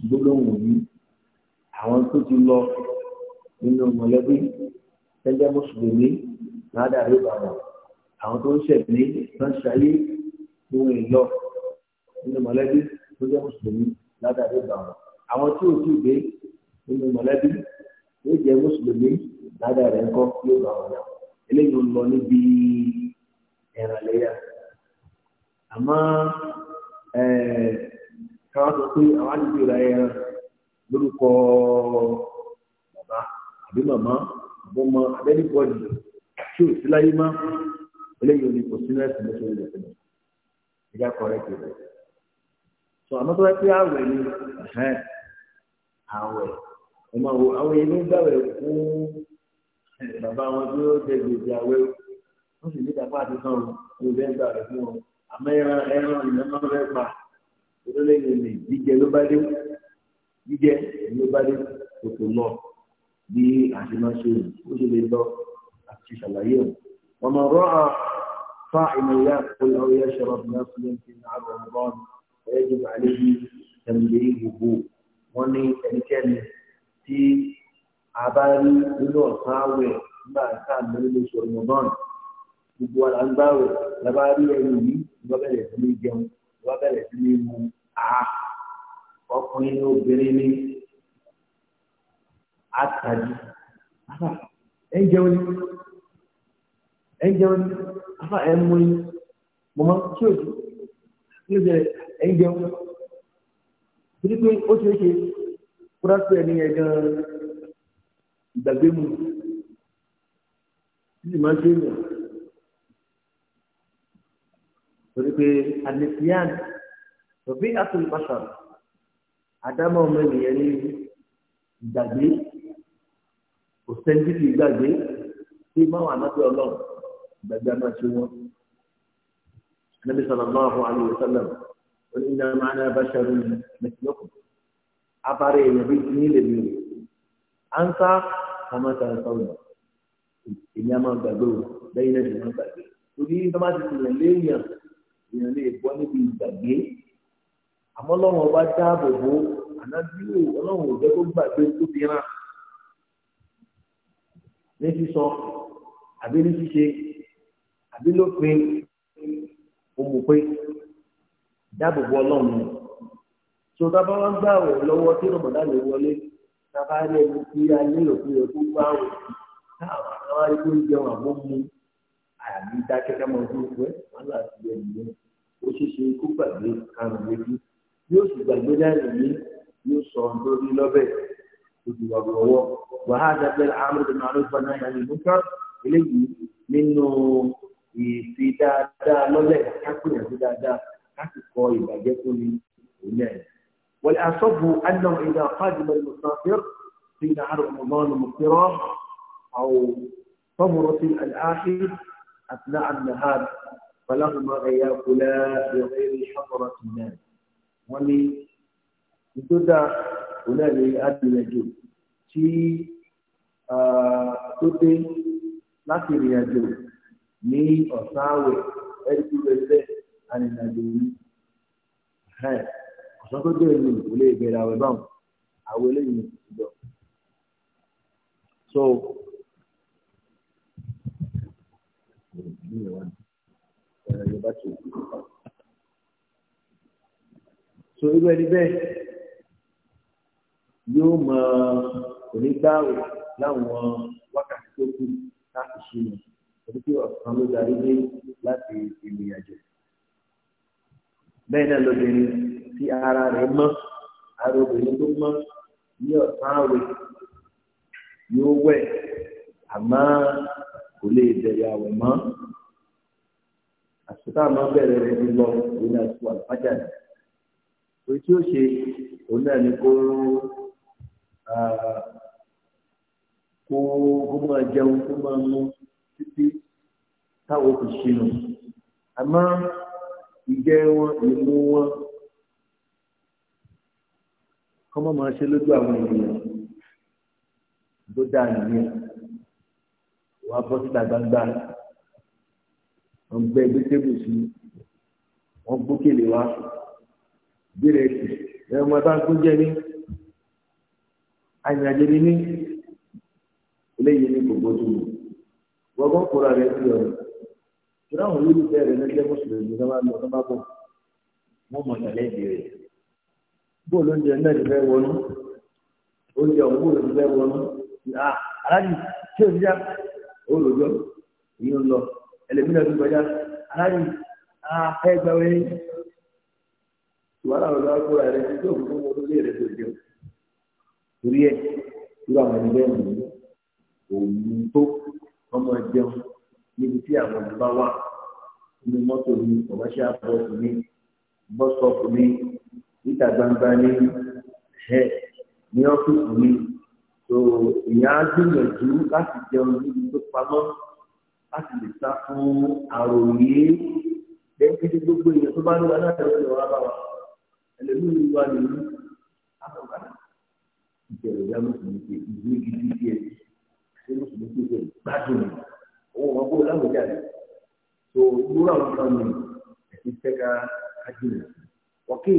gbólóhùn yìí àwọn tó ti lọ nínú mọ̀lẹ́bí tẹ́jẹ́ mùsùlùmí ládàrí bàbà àwọn tó ń ṣẹ̀mí tó ń ṣayé tó ń nínú mọ̀lẹ́bí tẹ́jẹ́ mùsùlùmí ládàrí bàbà àwọn tí ò tí ì dé nínú mọ̀lẹ́bí yóò mùsùlùmí ládàá rẹ̀ ń kọ́ yóò bá wọn náà eléyìí ń lọ níbi ẹ̀ràn lẹ́yà àmọ́ káwọn sọ pé àwọn àdúgbò ra ẹran lórúkọ bàbá àbí màmá àbọ̀mọ abẹ́nìkọ́ọ̀dì tí ò sí láyé má eléyìí ò ní kò sínú ẹ̀sìn lọ́sọ̀rọ̀ ìdẹ̀sẹ̀ ìjà kọ̀ọ̀rẹ́ rẹ̀ so àmọ́ tó bá pé àwẹ̀ ni àwẹ̀ ń fún. bàbá wọn tí ó jẹ gbèsè àwẹ ó sì ní kápá àti sàn ní ilé ń gbà rẹ fún wọn àmọ́ ẹran ẹran ìyẹn náà fẹẹ pa ìdílé yìí ni jíjẹ ló bá dé jíjẹ ló bá dé kòtò lọ bí àṣemáṣe ó ṣe lè lọ àti ṣàlàyé ọ wọn mọ rọ fa ìmọ̀lá kọlá ó yẹ ṣọ̀rọ̀ fúnra ti ní àgbà ọgbọ́n ẹ̀yẹ́ jù bàálẹ́ bí tẹ̀lé gbogbo wọn ní ẹnikẹ́ni tí abárí nínú ọ̀sán àwẹ̀ nígbà tá a mẹ́rin lóṣù ọ̀nàmọ́n gbogbo ara ń gbàwẹ̀ labárí ẹni yìí ló bẹ̀rẹ̀ sí ní jẹun ló bẹ̀rẹ̀ sí ní mu a ọkùnrin ní obìnrin ní àtàjù ẹ ń jẹun ní ẹ ń jẹun ní afa ẹ ń mú ní mọ̀mọ́ tí o tí o bẹ̀rẹ̀ ẹ ń jẹun torí pé ó ṣeé ṣe kúrásì ẹni yẹn gan-an ìgbàgbé mu títí máa ń ṣe èèyàn torí pé àlèsíàn tòbí àtúntàṣà àdámọ́ ọmọ ènìyàn ní ìgbàgbé kò sẹ́ńtítì ìgbàgbé tí máa wà lábẹ́ ọlọ́run ìgbàgbé máa ṣe wọ́n. النبي صلى الله عليه وسلم قل إن معنا بشر مثلكم أباري نبي نيل بيو ansa kàmáta sọ̀rọ̀ èmi àmà gbàgbé o lẹ́yìn náà èmi àmà gbàgbé torí tọ́mà ti sèyàn léèyàn èèyàn lè bọ́ níbi ìgbàgbé àmọ́ lọ́wọ́ ọba dáàbò bò ànábí ò ọlọ́run ò jẹ́ kó gbàgbé tó fi hàn ní sísọ àbí ní ṣíṣe àbí lópin òmùpé dáàbò bò ọlọ́run tó dábàá wá ń gbà wọ̀ lọ́wọ́ tí rọ̀mọ̀dá lè wọlé bàbá rẹ̀ ló fi anílò fún yẹ kó bá wò táwọn àwọn arúgbó ń jẹun àbó mu àmì dákẹ́kẹ́ mọ́ ojú ìwé wọn là ti yẹ nìyẹn ó ṣe ṣe kó gbàgbé karùn-ún lójú yóò sì gbàgbé lẹ́rìn yìí yóò sọ ohun tó rí lọ́bẹ̀ ojú ọ̀gbọ̀wọ́ wàhálà bẹ́ẹ̀ amúlẹ̀ náà ló gbaná ìyàlẹ̀ eléyìí nínú ìfi dáadáa lọ́lẹ̀ kápẹ́yàn sí dáadáa láti kọ ìbàjẹ́ fún mi òun náà والأعصب أنه إذا قادم المسافر في نهار رمضان مفطرة أو ثمرة الآخر أثناء النهار فلهما أن يأكلا بغير حضرة الناس ولي ntọ́dá onáàlẹ́ adìrìnàjò tí tó dé láti ìrìnàjò ní ọ̀sán àwẹ̀ ẹ̀dùn rẹ̀ bẹ́ẹ̀ arìnàjò yìí. àwọn tó bẹ̀rẹ̀ ní ìwúlé ìbẹ̀rẹ̀ àwẹ̀ báwọn àwẹ̀ eléyìí ìjọ. so so irú ẹni bẹ́ẹ̀ yóò mọ onígbàwò láwọn wákàtí tó kù láti ṣe ní orí pé ọ̀sán ló darí dé láti ìrìn àjò bẹ́ẹ̀ náà lóbìnrin tí ara rẹ̀ mọ́ ara obìnrin tó mọ́ ní ọ̀sán àwẹ̀ yóò wẹ̀ àmọ́ kò lè bẹ̀rẹ̀ àwẹ̀ mọ́ àsìkò àmọ́ bẹ̀rẹ̀ rẹ̀ ti lọ òun náà tó àlùfájà rẹ̀ pé tí ó ṣe òun náà ni kó kó kó máa jẹun kó máa mú títí táwọn kò ṣinú àmọ́ ìjẹ wọn ìmú wọn kọ́mọ́ máa ṣe lójú àwọn ènìyàn tó dáa nìyẹn wà á bọ́ síta gbangba wọ́n gbẹ́ ẹgbẹ́ tébù sí wọ́n gbókèlè wá bírẹ̀ sí ẹ̀ mọ́ ẹ bá ń kó jẹ́ ní àyìnàjẹ́ ní ní eléyìí ní gbogbo tó wọ́n kóra rẹ̀ sí ọ̀rọ̀ ìrọ̀ àwọn olólùfẹ́ rẹ̀ lọ́jọ́ mùsùlùmí lọ́wọ́ lọ lọ́ba bọ̀ wọ́n mọ̀ tẹ̀lé ìbéèrè bóòlù oúnjẹ náà ti fẹ́ wọnú oúnjẹ ọ̀hún bóòlù ti fẹ́ wọnú aláàjì tí o ti já olùjọ ìyẹn ń lọ ẹlẹ́mìnà tó kọjá aláàjì ẹ gbà wẹ́ ìwádà ọ̀dọ́ akóra rẹ tí o fún wọn lórí rẹ tó jẹun torí ẹ níbi tí àwọn olùbá wà nínú mọ́tò ní kọ̀mọ́ṣẹ́ àpọ̀tù ní bọ́sọ̀pù ní ìta gbangba ní ẹ̀ ní ọ́fíìsì ní tó èèyàn á gbìyànjú láti jẹun níbi tó pamọ́ láti lè sá fún àròyé lẹ́yìn tí gbogbo èèyàn tó bá ń wá láti ọ̀rọ̀ ìwà bá wa ẹlẹ́mìí wà nínú àkọ́kọ́ ìbẹ̀rẹ̀ ìyá mùsùlùmí ṣe ìwé gidi díẹ̀ ṣé mùsùlùmí ṣe gbádùn rẹ̀ owó wọn kó láwùjá rẹ̀ tó lóra wọn kan ní ẹ̀sìn tẹ́ka ajínà wọ́kì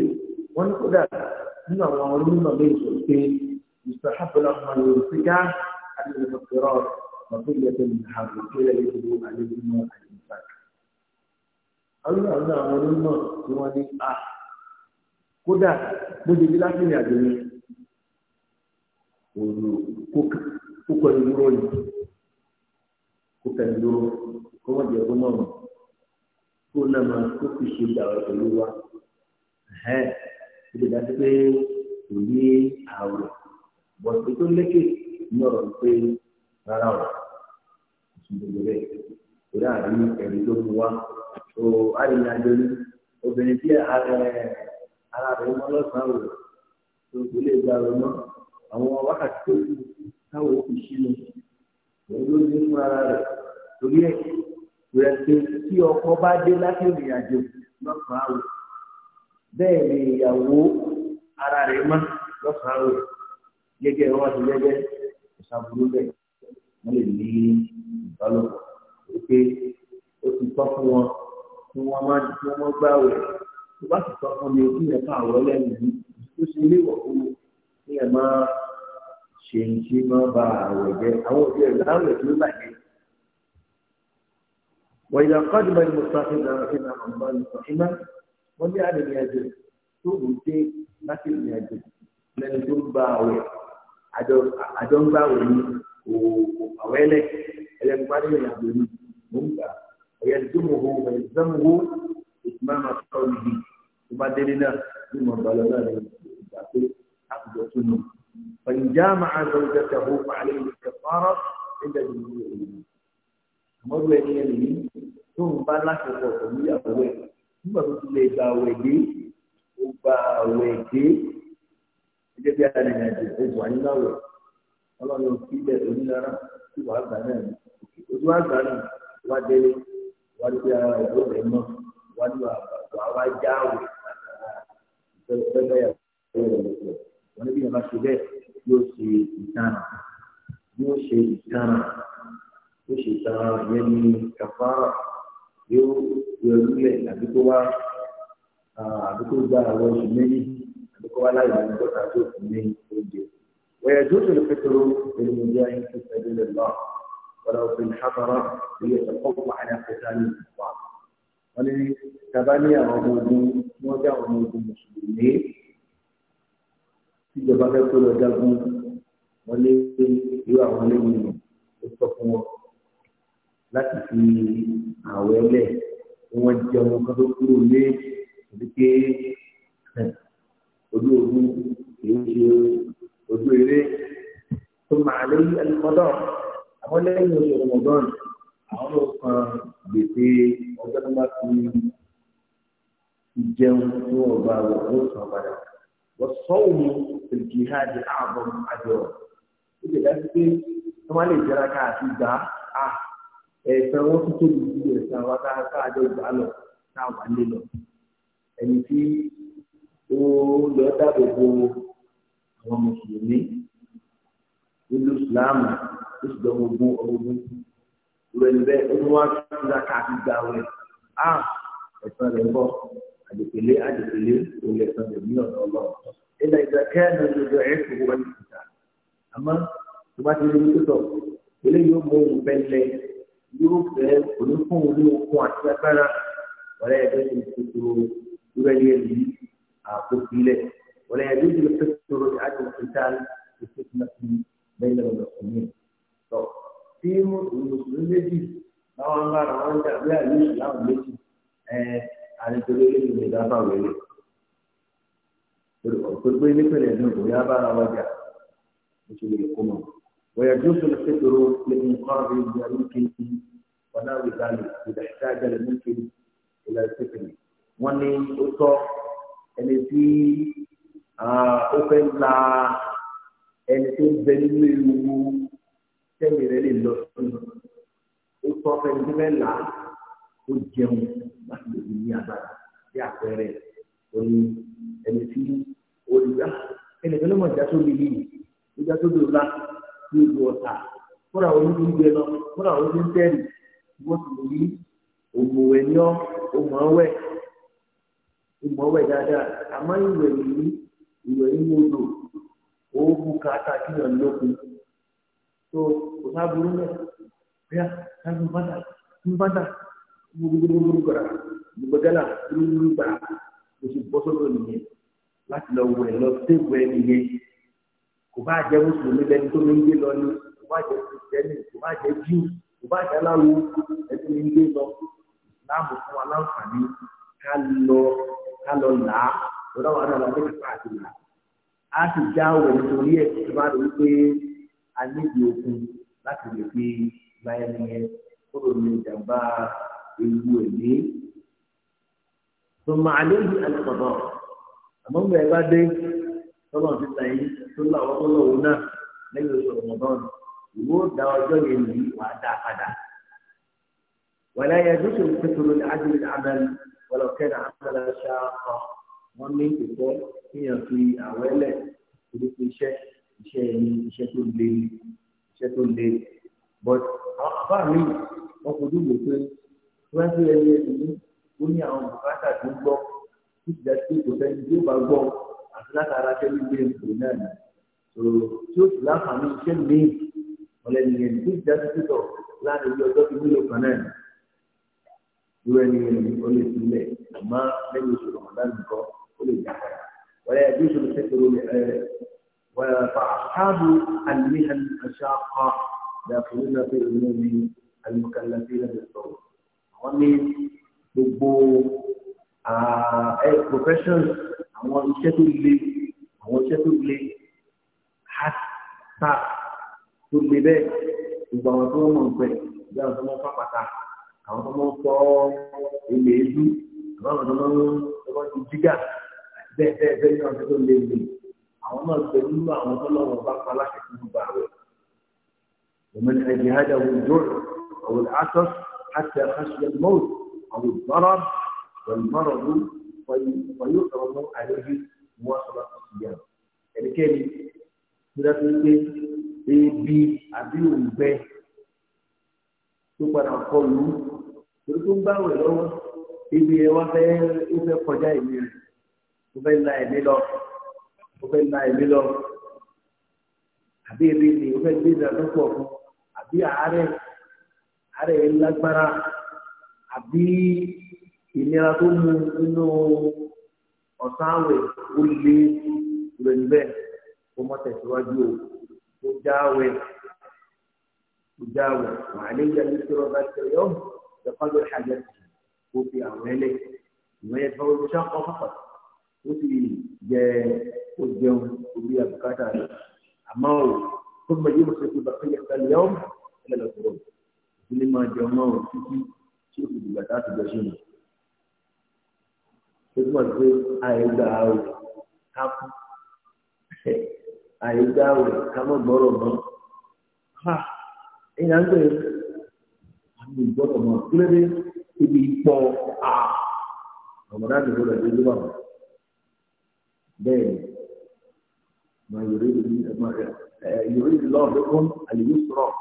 wọ́n ní kódà nínú àwọn onímọ̀ lóyún sọ pé ìsàhábọ̀lá ọmọ yòó ti ká àdéhùn ìfọ̀rọ̀ mọ̀tò ìyẹ́tẹ̀ ní ààbò tó yẹ kí ló alẹ́ nínú àyíká. àwọn àwọn àwọn onímọ̀ tí wọ́n ní a ah, kódà bó ṣe bí láti rìn àjò yẹn kò kọ́ ìwúrọ̀ yìí kó fẹ́ni lóró kó wọ́n jẹ́ kó mọ̀ràn kó náà máa kó fi ṣe ìdàrọ̀ pẹ̀lú wa ẹ̀hẹ́n ó lè dájú pé kò ní àwọ̀ bọ̀dé tó lékè ní ọ̀rọ̀ pé rárá o oṣù gbogbo rẹ̀ kò dáa rí ẹ̀rí tó mú wa tó arìnrìnàjò ní obìnrin tí ara rẹ̀ mọ́ lọ́sàn-án tó kò lè gbà rẹ̀ mọ́ àwọn wákàtí tó kù táwọn ò fi ṣí lọ òun ló ní fún ara rẹ̀ torí ẹ̀ rẹ̀pẹ̀ tí ọkọ bá dé láti ìrìn àjò lọ́sàn-án àwẹ̀ bẹ́ẹ̀ ni ìyàwó ara rẹ̀ mọ́ lọ́sàn-án àwẹ̀ gẹ́gẹ́ wọn ti gẹ́gẹ́ ìṣàbùrú bẹ́ẹ̀ wọ́n lè ní ìbálòpọ̀ wípé ó ti tọ́ fún wọn kí wọ́n má kí wọ́n gbá wẹ̀ tó bá ti tọ́ fún mi kí yẹn ká àwọ̀ lẹ́nu yìí tó ṣe léwọ̀ fún mi kí yẹn máa ṣe ń tí máa ba àwẹ̀ jẹ́ àwọn òbí ẹ̀ láwẹ̀ tó bàjẹ́. wọ́n yà kọ́dù bá ní mo sáfẹ́ náà ṣe náà ọ̀gbọ́n ní sọ̀hínà wọ́n ní àdìrí àjò tó ń dé láti ìrìn àjò lẹ́nu tó ń gba àwẹ̀ àjọ ń gba àwẹ̀ ní àwẹ̀ ẹlẹ́ ẹlẹ́nu bá nínú àjò ní mò ń gbà ẹ̀yẹ dùnmù wo ẹ̀yẹ dùnmù wo ìtumá máa sọ̀rọ̀ yìí tó bá délé náà ní mọ̀ bàlọ́ náà ní ìgbà pé àkùjọ tó nù. فإن جامع زوجته فعليه الكفارة عند جمهور العلماء àmọ́dún ẹni ẹni yìí tó ń bá láṣepọ̀ pẹ̀lú ìyàwó ẹ̀ nígbà tó ti lè gba àwẹ̀ dé ó gba àwẹ̀ dé gẹ́gẹ́ bí arìnrìn àjò ó wà nínú àwẹ̀ ọlọ́run kí ilẹ̀ tó ní lára tí wàá gbà náà ní ojú wàá gbà náà wá délé wá dé ara ìlú rẹ̀ náà wá ní wàá wá já àwẹ̀ àtàrà ìfẹ́ fẹ́ bẹ́yà tó yẹ lọ́wọ́. wọn níbi ìyàbá ṣe bẹ́ẹ̀ yóò ṣe ìtara yóò ṣe ìtara yóò ṣe ìtara yẹn ní kàfárà yóò yọ lulẹ̀ àbí tó wá àbí tó gba àwọn oṣù méjì àbí tó wá láyé àwọn ọgọ́ta tó kù ní oúnjẹ. ويجوز الفطر للمجاهد في سبيل الله ولو في الحضرة ليتفوق على قتال الكفار. ولتبني عمود وجع عمود المسلمين tíjọba fẹ́ kó lọ jagun wọn lé irú àwọn lẹ́yìn rẹ̀ ó sọ fún wọn láti fi àwọ̀ ẹlẹ̀ kí wọ́n jẹun kan tó kúrò lé ìdíkẹ́ ojú ogun kìí ṣe ojú eré tó máa lé ẹnìmọ́dọ̀ àwọn lẹ́yìn oṣù ọmọdọ́n àwọn ló kan gbèsè ọjọ́ tó bá fi jẹun fún ọba rẹ̀ fún ọ̀sán padà. والصوم في الجهاد أعظم أجرا إذا أنت كما لي جراك أتيجا أه ẹ̀sán wọn tún tóbi ju ẹ̀sán wa ká káàjọ gbà lọ táwọn alẹ́ lọ ẹni tí ó lọ dáàbò bo àwọn mùsùlùmí nínú ìsìláàmù ó sì lọ gbogbo ọgbọgbọ ìrẹ̀lẹ̀ ó ní wá tún ra káàkiri gbà wẹ̀ á ẹ̀sán rẹ̀ ń bọ̀ àdìpẹ̀lẹ́ àdìpẹ̀lẹ́ olè kan lè ní ọ̀nà ọlọ́run ilẹ̀ ìgbàkẹ́ ẹ̀nà ìjọba ẹ̀ kò wọ́n ní ìta àmọ́ tó bá ti rí wípé tọ̀ eléyìí yóò mú òun bẹ́lẹ̀ yóò fẹ́ onífún orí okun àti agbára wọlé ẹgbẹ́ tó ti tó lórí ẹni àkókò ilẹ̀ wọlé ẹgbẹ́ tó ti tó lórí àjọ ìta tó ti bẹ́lẹ̀ ọ̀dọ̀ ọ̀mí tọ̀ tí mùsùlùmí méjì báwọn ànítorí eléyìí ní ìdáfà wẹlé gbogbo nípìnlẹ ní bóyá bára wájà nítorí èkó mọ wọ́yà tó sọ̀rọ̀ pẹ̀tọ́rọ̀ lẹ́nu kọ́ọ̀rọ̀ ìgbà lókèjì wọn náà wí báyìí ìgbà tí a jẹ́lẹ̀ lókèjì ìlà ìpínlẹ̀ wọ́n ní ó tọ́ ẹni tí ó fẹ́ la ẹni tó bẹ nínú ewu tẹ́lẹ̀ rẹ̀ lè lọ sí ó tọ́ fẹ́ni tó fẹ́ là ó jẹun láti lè fi ní agbára bí àpẹẹrẹ òní ẹni tí olùdá ẹni tó lọ́mọ ìjà tó lè yí ìjà tó lè la ní ìlú ọ̀tà fúnra onídìí ń gbé lọ fúnra onídìí ń tẹ̀lé wọ́n sì lè yí òmùwẹ̀ ní ọ́ òmùwẹ̀ ìmọ̀wẹ̀ dáadáa àmọ́ ìwẹ̀ yìí ìwẹ̀ yìí odò oògùn kàtà kí lọ lókun tó kò sábúrú náà bíyà sábúrú bàtà ń bàtà gbogbogbogbogbò gbàrà gbogbogbàlà gbogbogbò gbàrà o ti bọ́ sọ́dọ̀ nìyẹn láti lọ wẹ̀ lọ séwu ẹ nìyẹn kò bá jẹ́ mùsùlùmí lẹni tó ní ń gbé lọ ni kò bá jẹ́ kìrìsìtẹ́nì kò bá jẹ́ jíù kò bá jẹ́ aláwo ẹni ní ń gbé lọ láàmú fún wa láǹfààní ká lọ ká lọ là á lọ́dọ̀ wà náà lọ́dọ̀ kíkọ́ àti là á sì já òwe nítorí ẹ̀ tó bá rí pé a níbi òkun láti lè fi gba ẹni kó lóun lè jàmbá ewu ẹ̀mí tó máa lé ní àlùkọ̀dọ̀ àmọ́ bí ẹ bá dé tọ́lọ̀ ti tàn yín tó láwọn tó lọ́wọ́ náà lẹ́yìn oṣù ọ̀mọ̀dọ́n ìwọ da ọjọ́ yẹn nìyí wà á dá padà wàlẹ́ ayé ẹ̀dúnṣe ti tòrò ní ájú ní abẹ́rẹ́ wọlé ọ̀kẹ́ni àmàlà ṣáà wọ́n ní ìpẹ́ kíyàn fi àwẹ́lẹ̀ oríṣi iṣẹ́ iṣẹ́ ẹni iṣẹ́ tó le iṣẹ́ tó le but àbá mi wọ́n fojú wò pé wọ́n ti rẹ̀ yẹ ẹ̀mí ó ní àwọn bùkátà tó ń gbọ́ tó ti dájú pé kò sẹ́ni tí ó bá gbọ́ àti látara tẹ́lú gbé nǹkó náà ni tí ó sì láǹfààní iṣẹ́ míì ọ̀lẹ́ni yẹn tó ti dájú pé tọ̀ láàrin ojú ọjọ́ ìlú ìlú kan náà ni irú ẹni yẹn ó lè sílẹ̀ àmọ́ lẹ́yìn oṣù rọ̀mọ̀dá nìkan ó lè jà wọ́n yẹ bí oṣù sẹ́kẹ̀rọ̀ lè wọ́n yẹ fa àṣàbù àlùmíhàn àwọn ní gbogbo professions àwọn iṣẹ́ tó le àwọn iṣẹ́ tó le hard task tó le bẹ́ẹ̀ gbogbo àwọn tó mọ̀ nípa ẹ̀ bí àwọn tó mọ̀ pàpàtà àwọn tó mọ̀ sọ ilé ìlú àwọn tó mọ̀ tó mọ̀ ti jígà bẹ́ẹ̀ bẹ́ẹ̀ bẹ́ẹ̀ ní àwọn tó le le àwọn náà gbẹ nínú àwọn tó lọ́wọ́ bá pa láti fún gbogbo àwẹ̀. ومن أجهده الجوع أو العطش حتى خشي الموت أو الضرر والمرض فيحرم عليه مواصلة الصيام ẹnikẹ́ni tó dájú pé ebi àbí òǹgbẹ tó padà kọlù torí tó ń bá wẹ̀ lọ́wọ́ ebi ẹ wá fẹ́ ó fẹ́ kọjá ìmí rẹ̀ ó fẹ́ la ẹ̀mí lọ ó fẹ́ la ẹ̀mí lọ àbí ebi ni ó fẹ́ gbé ìdàgbàsókè ọ̀fun àbí àárẹ̀ ààrẹ yẹn lágbára àbí ìnira tó mú nínú ọ̀sán àwẹ̀ ó lé rẹ̀ níbẹ̀ kó mọ́ tẹ̀síwájú o ó já àwẹ̀ ó já àwẹ̀ wàá lè yẹ ní sọ̀rọ̀ bá tẹ̀ yọ̀ ìjọpájọ ìṣàjẹ́ kó fi àwọn ẹlẹ́ ìwọ̀n yẹn fẹ́ olùṣà ó sì jẹ ó jẹun orí àbùkátà rẹ̀ àmọ́ o tó mọ̀ yóò ṣe kó bàtà yẹ kálí yọ̀ ẹ̀ lọ́sọ̀rọ̀ ilé máa jọ mọ́ ọ títí tí o fi dìgbà tá a ti jọ ṣe nù. ó túmọ̀ sí pé àìgbà àwẹ̀ ká kú àìgbà àwẹ̀ ká mọ̀ gbọ́rọ̀ mọ́. ìyá ń pè é àmì ìgbọ́rọ̀ mọ́ kílódé ibi ìpọ̀ à ọ̀mọ̀dá ti gbọ́dọ̀ dé ló bà wọ́n. bẹ́ẹ̀ ni màá yọrí ìlú lọ́ọ̀dọ́kùn àlè yóò sọ̀rọ̀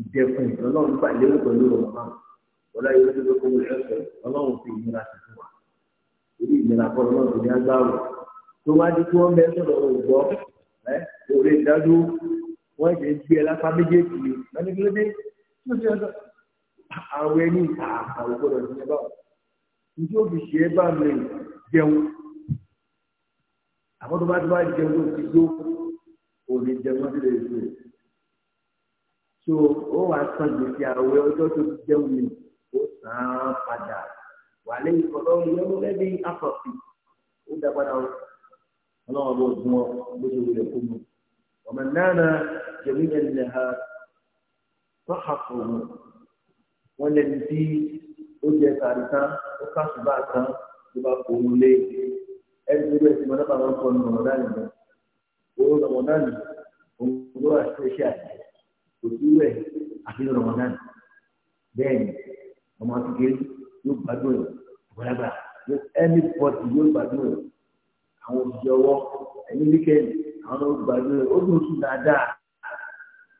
ìdẹkùn ọlọ́run gbà lérò pẹ̀lú ọ̀rọ̀ ọ̀la yóò tó kó wọlé ẹ̀fẹ̀ ọlọ́run fi ìnira sí fún wa orí ìnira kọ́ ọlọ́run tó ní agbára tó wá di kí wọ́n bẹ sọ̀rọ̀ ògbọ́ ẹ òrè ìdádó wọ́n ṣe ń gbé ẹ lápá méjèèjì lọ́dún kí ló dé tó ṣe ọ̀dọ̀ àwọn ẹni àwọn gbọ́dọ̀ ní ẹbá njẹ́ òbí ṣe é bá mi jẹun àmọ́ bá ti wá jẹun tó ti gbó òrè jẹun tó lè ṣe so ó wàá san gbèsè àwẹ̀ ọjọ́ tó ti jẹun ni ó san án padà wà lẹ́yìn kọlọ ìyẹn lẹbi afọsí ó dá padà ó Ọlọ́run bó gun ọ bó ṣe kó mu ọmọ ha tọ́ka fòmù wọn lẹni tí ó jẹ kàrí tán ó ká ṣùgbọ́n àtàn tó bá fòmù lé máa ń kọ́ ní ọmọdé àná àná òun ló wà sí iṣẹ́ àjẹ́. kò sí rẹ̀ àfi lọ́rọ̀ wọn náà bẹ́ẹ̀ ni ọmọ kékeré yóò gbádùn ẹ̀ àgbàlagbà ẹni pọ̀tì yóò gbádùn ẹ̀ àwọn òṣìṣẹ́ ọwọ́ ẹni wíkẹ́ndì àwọn náà gbádùn ẹ̀ ó dùn sùn dáadáa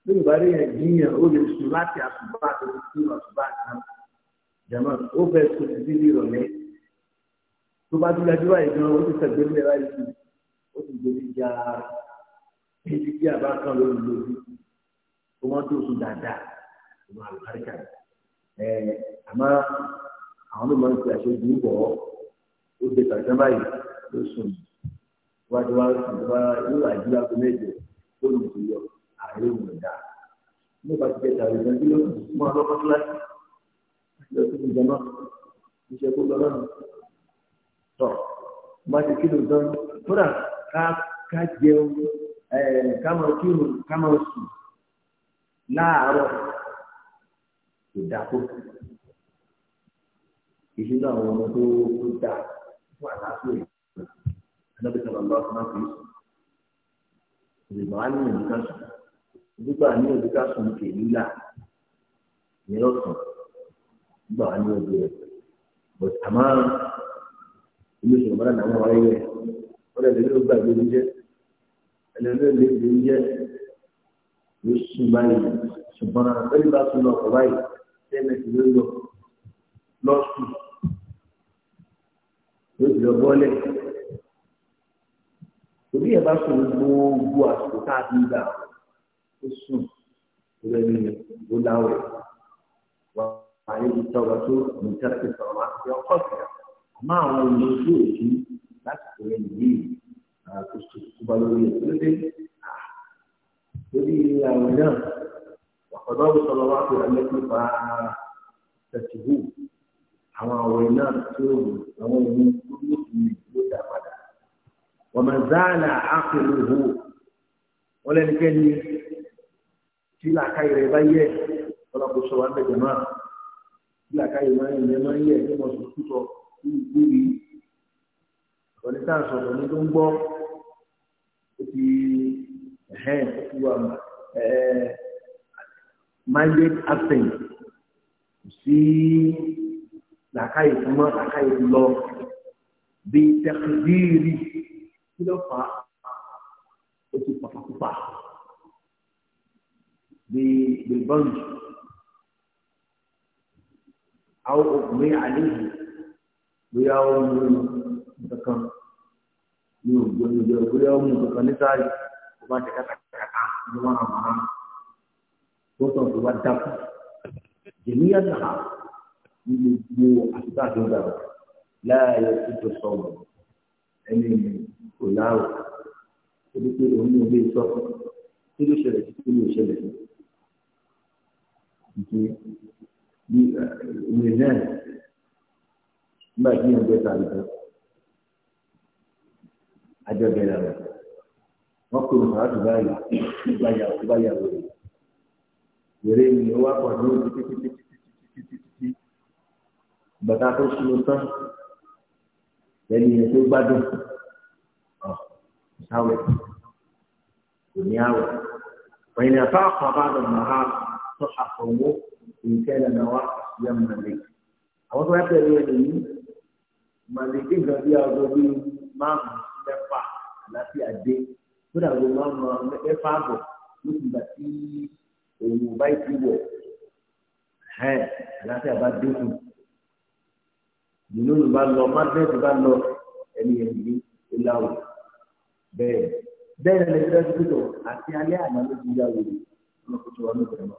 bí ìgbà rẹ̀ yẹn jiyàn ó lè sùn láti àsùbá àti òṣìṣẹ́ àsùbá àti náà ó fẹ́ sùn sí ìrọ̀lẹ́ tó bá dúró ẹjọ́ báyìí gan ó ti sẹ̀gbẹ́ mi láì ó ti gbé mi já èyí tí a bá kàn lórí lórí kó wọ́n tó so dáadáa ìmọ̀ àlùbáríkà ẹ̀ àmọ́ àwọn ló máa ń fi àṣejù ń bọ̀ ọ́ ó de kàṣẹ́ báyìí ló sùn wájú wá wá yóò wá jí lágbo méje ó lù sí yọ ààrẹ ìwọ̀n ìdá ní ìgbà tí kẹta rẹ̀ gbẹ́ndé ló ti mú ọlọ́kọ́ kíláàsì lọ sí ìjọ náà iṣẹ́ kó lọ lọ́nà tọ̀ má ti kí ló dán kódà ká jẹun ẹ̀ ká máa kírun ká máa sùn. láàárọ̀ kò na tó ìṣúná àwọn ọmọ tó tó dáa fún àlàáfíà ìgbà ẹnọ́bí sọ̀rọ̀ lọ́wọ́ fún àpò ìṣù ìrìnà á ní òdìkà sùn nígbà ní òdìkà sùn kè nílà ní ọ̀sán wà àmọ́ ilé ìṣòro mọ́ra náà wọ́n wáyé rẹ̀ wọ́n lè lè lè gbàgbé oúnjẹ lè lè oúnjẹ. yóò sùn báyìí ṣùgbọ́n àtẹ́lẹ́ bá tún lọ ọ̀pọ̀ báyìí tẹ́lẹ̀ tí ló lọ lọ́sùn yóò ti lọ bọ́lẹ̀ torí ẹ̀ bá sùn gbogbo àsìkò tá a ti gbà ó sùn lórí ẹni ló láwẹ̀ wà àyè ti tọ́gbà tó nìkan ti sọ̀rọ̀ wá sí ọkọ̀ sí àmọ́ àwọn olùdókòwò yìí láti pè é nìyí àkóso tó bá lórí ẹ̀ lórí àwọn náà ọ̀dọ́ bí sọlọ wá pé ẹlẹ́kùn pa tẹ̀síwù àwọn àwòrán náà tí ó wù àwọn ohun tó ló fi ló dà padà. ọ̀mọ̀ záàlà ákùnrin ìhó wọn lẹ́nikẹ́ni tí làákàyè rẹ̀ bá yẹ ọlọ́kùn sọ wá bẹ̀jẹ̀ máa tí làákàyè máa ń yẹ máa ń yẹ ní mọ̀sùn kúsọ kúrú kúrú ọ̀nìtàn sọ̀rọ̀ ní tó ń gbọ́ ó ti ẹ̀hẹ́n kókó wà mà ẹ̀ẹ́ migrate absent kò sí làákàyè fún mọ́ làákàyè fún lọ bí tẹkidíìrì kí ló fà á ó ti pàpàpàpà bí bilbọ́ǹdì àwọn ọkùnrin àlejò bóyá ó mú nǹkan kan ní ògbóni bóyá ó mú nǹkan kan ní sáàyè kó má jẹ kátàkátà ní wọn àwọn ará tó tọ̀ tó wá dákú jẹ̀mí yàtà ní gbogbo àtúntà tó ń dàrú láàyè tó sọ̀rọ̀ ẹni kò láàrú ebi pé òun ní ilé sọ kí ló ṣẹlẹ̀ sí kí ló ṣẹlẹ̀ sí ìdí ní ìwé náà nígbà tí yẹn gbé sáré gan ajọ́ bẹ̀rẹ̀ rẹ̀ wọ́n kó lùsọ̀ láti báyìí nígbà yà ó bá wèrè wèrè ni ó wá pọ̀ ní ojú títítítítítítítítí bàtà tó sunu tán lẹ́nu yẹn tó gbádùn ọ̀ ìsáwẹ̀ kò ní àwẹ̀ wọ́n yẹn fà kọ́ bá dùn mọ́ ha tó àfọwọ́ nǹkan ẹ̀ náà wá yẹ mọ̀lẹ́ àwọn tó wá pẹ̀lú ẹ̀ nìyí mọ̀lẹ́ kí nǹkan bí aago bíi márùn mẹ́fà láti àdé kódà ló máa ma mẹ́fà bọ̀ lókun gbà tí òun bá ti wọ̀ ẹ̀ àlàáfíà bá dẹ́kun ìlú bá lọ mádẹ́ẹ̀tì bá lọ ẹni ẹni ní ìlàwọ̀ bẹ́ẹ̀ bẹ́ẹ̀ lè fẹ́ dúdú àti alẹ́ àná ló ti yá wòlé ọmọ kòtò wọn lóde ọmọ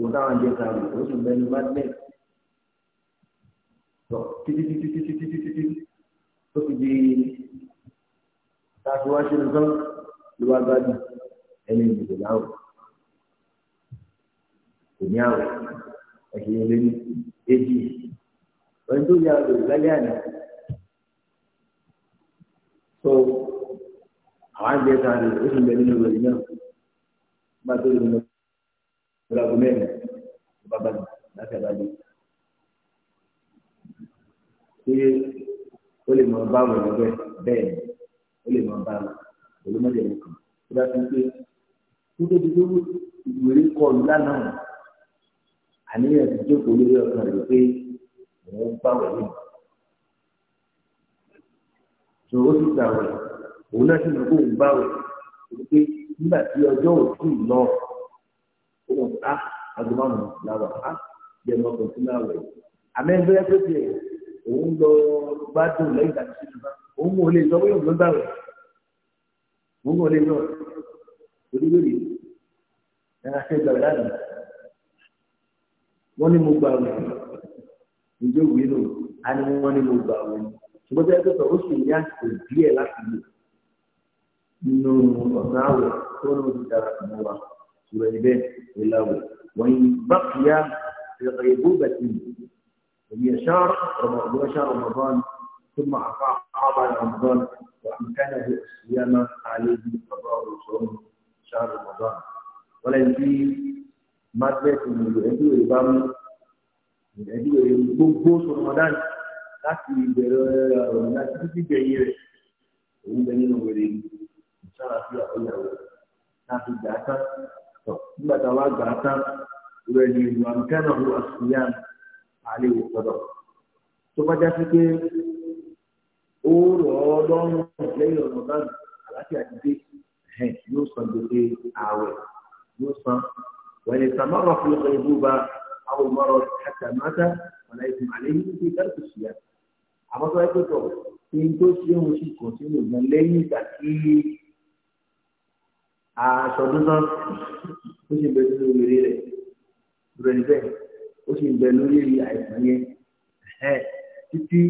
wọn táwọn jẹ ká lò ó sì bẹnu mádẹ́ẹ̀tì tọ títí títí títí títí títí ó fi di láti wá ṣe nǹkan ló wá gbádùn ẹni ìdìbò láwọ kò ní àwọ ẹkìn ilé ní èjì ẹni tó yà lò lálẹ́ àná so àwọn àjẹ kan lè ó sì bẹ nínú ìròyìn bá tó lè lọ ìrọ̀lẹ́ mẹ́rin ló bá gbádùn láti àbájá ṣé ó lè mọ báwo lọ bẹ́ẹ̀ ó lè máa bá a lọ pẹ̀lú mọ́jẹ̀mú kan ó dá sí pé tó tóbi tó ìwéré kọlù lánàá àníyàn ti jókòó lórí ọkàn rẹ̀ pé òun bá wẹ̀lú tó ó sì gbà wẹ̀ òun náà sì mọ̀ pé òun bá wẹ̀ pé nígbà tí ọjọ́ òtún lọ ó mọ̀ á ah, aago á ah, jẹ́ ọmọkùnrin tí láwẹ̀ àmẹ́ńdọ́yà pé tiẹ̀ òun lọ gbádùn lẹ́yìn àti ṣíṣúbá òun ò lè sọ pé òun ló gbà wẹ̀ òun ò lè sọ oníwèrè ẹ̀ka ṣe gbà lánàá wọ́n ní mo gbà wẹ̀ ìjọ òwe nù á ní wọ́n ní mo gbà wẹ̀ ṣùgbọ́n bí ẹgbẹ́ sọ ó sì ní àsìkò díẹ̀ láti lò nínú ọ̀nà àwẹ̀ tó ń lò dára fún wa ṣùgbọ́n ẹni bẹ́ẹ̀ ìlàwẹ̀ wọ́n yìí bá kìíyà ìrẹ̀bù bẹ̀tì òmìnira ṣáà rọ̀mọ̀gbọ́n ṣáà rọ̀mọ̀gbọ́n tó máa fà أصحاب رمضان وإن كان الصيام عليه قضاء صوم شهر رمضان ولن في مادة من الأدوية الإمام من الأدوية بوس رمضان láti ìbẹ̀rẹ̀ ọ̀rọ̀ láti títí gbẹ̀yìn rẹ̀ òun bẹ nínú wèrè ìṣára sí àkóyàwó láti gbà á tán tọ̀ nígbà tá a wá gbà á tán rẹ̀ ni ìlú àmì kánà ló àṣìyàn àlè ìwòsàn tó bá já sí pé ó rọ̀ ọ́ lọ́rùn lẹ́yìn ọ̀nà báyìí àláfíà ti dé yóò san gbèsè ààwẹ̀ yóò san wẹ̀lẹ̀ sàmárà fún ọ̀sẹ̀ ìbú ba àwọn ìmọ̀ràn àti àmàtà ọ̀nà ìfún àlẹ́ yìí ti dárúkú sí ya àmọ́ tó ẹgbẹ́ tọ̀ kí n tó ṣe òun sì kàn sínú ìgbọ̀n lẹ́yìn ìgbà tí aṣọ dúdán ó sì bẹ nínú ìrírí rẹ̀ rẹ̀ bẹ́ẹ̀ ó sì bẹ lórí àìsàn yẹn títí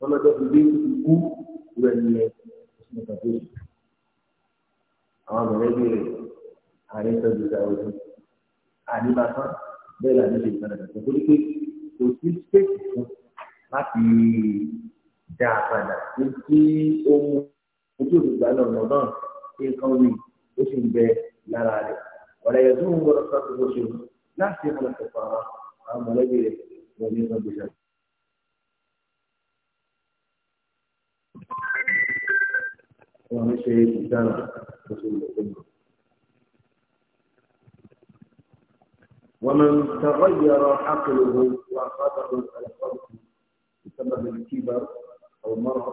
lọ́lọ́jọ́ fi dé ikú rẹ̀ ní ẹ̀ ní ìtàkùn yìí. àwọn mọ̀lẹ́bí rẹ̀ ààrẹ tọ́jú ìdáwọ́ ọdún àdìbàtán bẹ́ẹ̀ là ní ṣe ìtàn àgbà tó pé kò sí space fún láti dá a padà títí ohun ojú òdùgbà náà lọ náà ṣe nǹkan rí ó sì ń bẹ lára rẹ̀ ọ̀rẹ́ yẹn tó ń gbọ́dọ̀ sọ́kùnrin ṣe láti ṣe ìmọ̀lẹ́sẹ̀ fún àwọn mọ̀lẹ́bí rẹ̀ wọ́n ní ìtàn رسول ومن تغير عقله وقدره على فرق بسبب الكبر أو مرض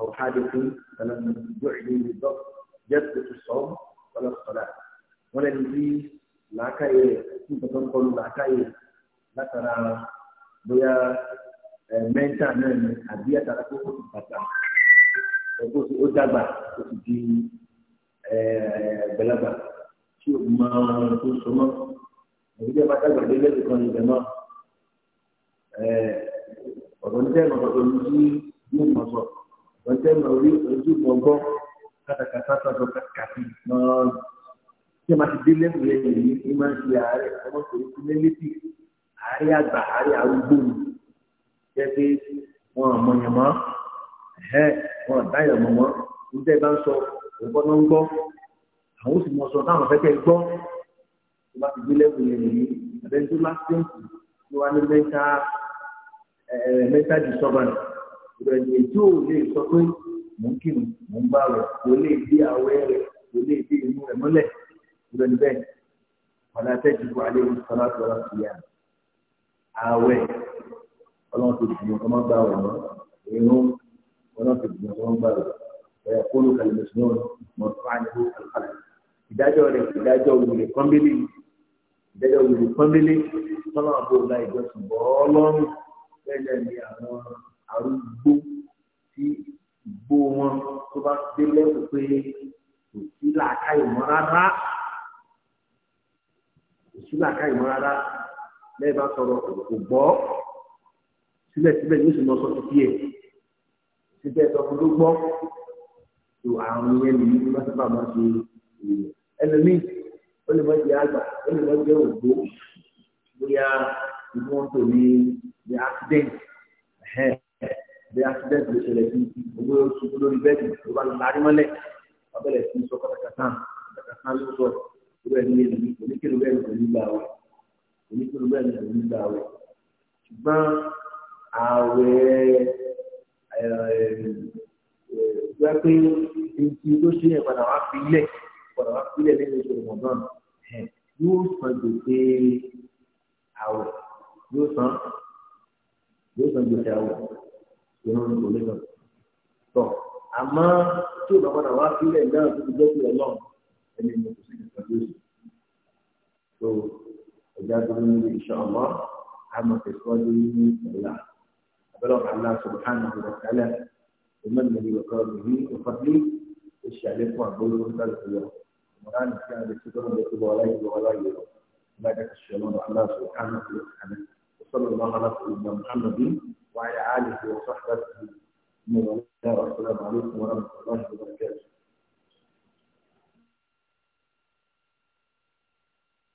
أو حادث فلم يعلي بالضبط جدة الصوم ولا الصلاة ولا يجي كاي كنت تنقل كاي لا ترى بيا مين آه، تعمل أبيات على كوكب ẹgbẹ́ ó dàgbà ó ti di ẹgbẹ́lágbà tí ó mọ ohun tó so mọ́ ìdílé bá dàgbà dé lẹ́sìn kan níbẹ̀ náà ọ̀rọ̀ ní tẹ́lẹ̀ ọ̀rọ̀ ojú yóò mọ̀ sọ ọ̀rọ̀ tẹ́lẹ̀ orí ojú mọ̀ gbọ́ kátàkátà sọ̀tọ̀ kàkàtì náà tí a máa ti dé lẹ́sìn lẹ́yìn yìí ní máa ń ṣe àárẹ̀ ọmọ tòun ti lé létí àárẹ̀ àgbà àárẹ̀ arúgbó ni jẹ́ pé wọn àmọ̀yàn máa ẹ wọn dáyọ̀ mọ́ wọn ń ń sọ òǹkọ́ ń gbọ́ àwọn sì mọ̀ sọ táwọn fẹ́ kẹ́ gbọ́ tó bá ti gbé lẹ́kùn yẹn nìyí abẹ́ńtú lásìkò tí wọ́n á ní mẹ́ta mẹ́ta disọ́bànà ìrọ̀lẹ́ tí ò lè sọ pé mò ń kírun mò ń bá rẹ̀ kò lè dé àwẹ̀ rẹ̀ kò lè dé inú rẹ̀ mọ́lẹ̀ ìrọ̀lẹ́ bẹ́ẹ̀ padà tẹ́jú ti dùn ọmọ gbà ونصب بن بارك ويقول كالمسنون مرفوعا له القلم ìdájọ́ rẹ̀ ìdájọ́ wùlé pọ́nbélé ìdájọ́ wùlé pọ́nbélé tọ́lá àbúrò ìjọsìn bọ́ ọlọ́run bẹ́ẹ̀ ni àwọn arúgbó tí ìgbó wọn tó bá dé lẹ́wọ̀ pé kò sí làákàyè mọ́ rárá kò sí làákàyè mọ́ rárá lẹ́yìn bá sọ̀rọ̀ kò gbọ́ síbẹ̀síbẹ̀ yóò sì lọ sọ síbẹ̀ tọkùn ló gbọ́ tó àrùn yẹn nìyí ní mọ́sábà máa ṣe èèyàn ẹlòmíì ó lè mọ́ jẹ àgbà ó lè mọ́ jẹ ògbó bóyá ìfowópamọ́ ní the accident bí accident ló ṣẹlẹ̀ sí owó ṣubú lórí bẹ́ẹ̀dì ló bá lọ lárí mọ́lẹ̀ wọ́n bẹ̀rẹ̀ sí sọ kọ́tàkàtà kọ́tàkàtà ló sọ irú ẹni lè lùmí oníkèrè bẹ́ẹ̀ ló ní gbà wẹ̀ oníkèrè bẹ́ẹ̀ ló ní gbà wẹ̀ ṣùgbọ́n ààwẹ̀ wẹ́ pé etí ló ṣe yẹn padà wá filẹ̀ padà wá filẹ̀ nínú oṣù rọ̀mọ̀dán yóò san gbèsè àwẹ̀ yóò san yóò san gbèsè àwẹ̀ ìrún kò lè lọ. tọ́ àmọ́ tí òbá padà wá sílẹ̀ náà tó ti gbẹ́sẹ̀ ọlọ́run ẹni mo kò sí ní pẹ̀lú èsì. tó ẹja tó ní ìṣọ́ ọmọ àmọ̀ tẹ̀síwájú ní ìpínlẹ̀. بلغ الله سبحانه وتعالى ومن بكرمه وفضله ايش عليكم وعبدوا وقال اليوم القران كان بيتكلم بيكتب عليه وعلى يوم ما جاء الشلون الله سبحانه وتعالى وصلى الله على سيدنا محمد وعلى اله وصحبه وسلم السلام عليكم ورحمه الله وبركاته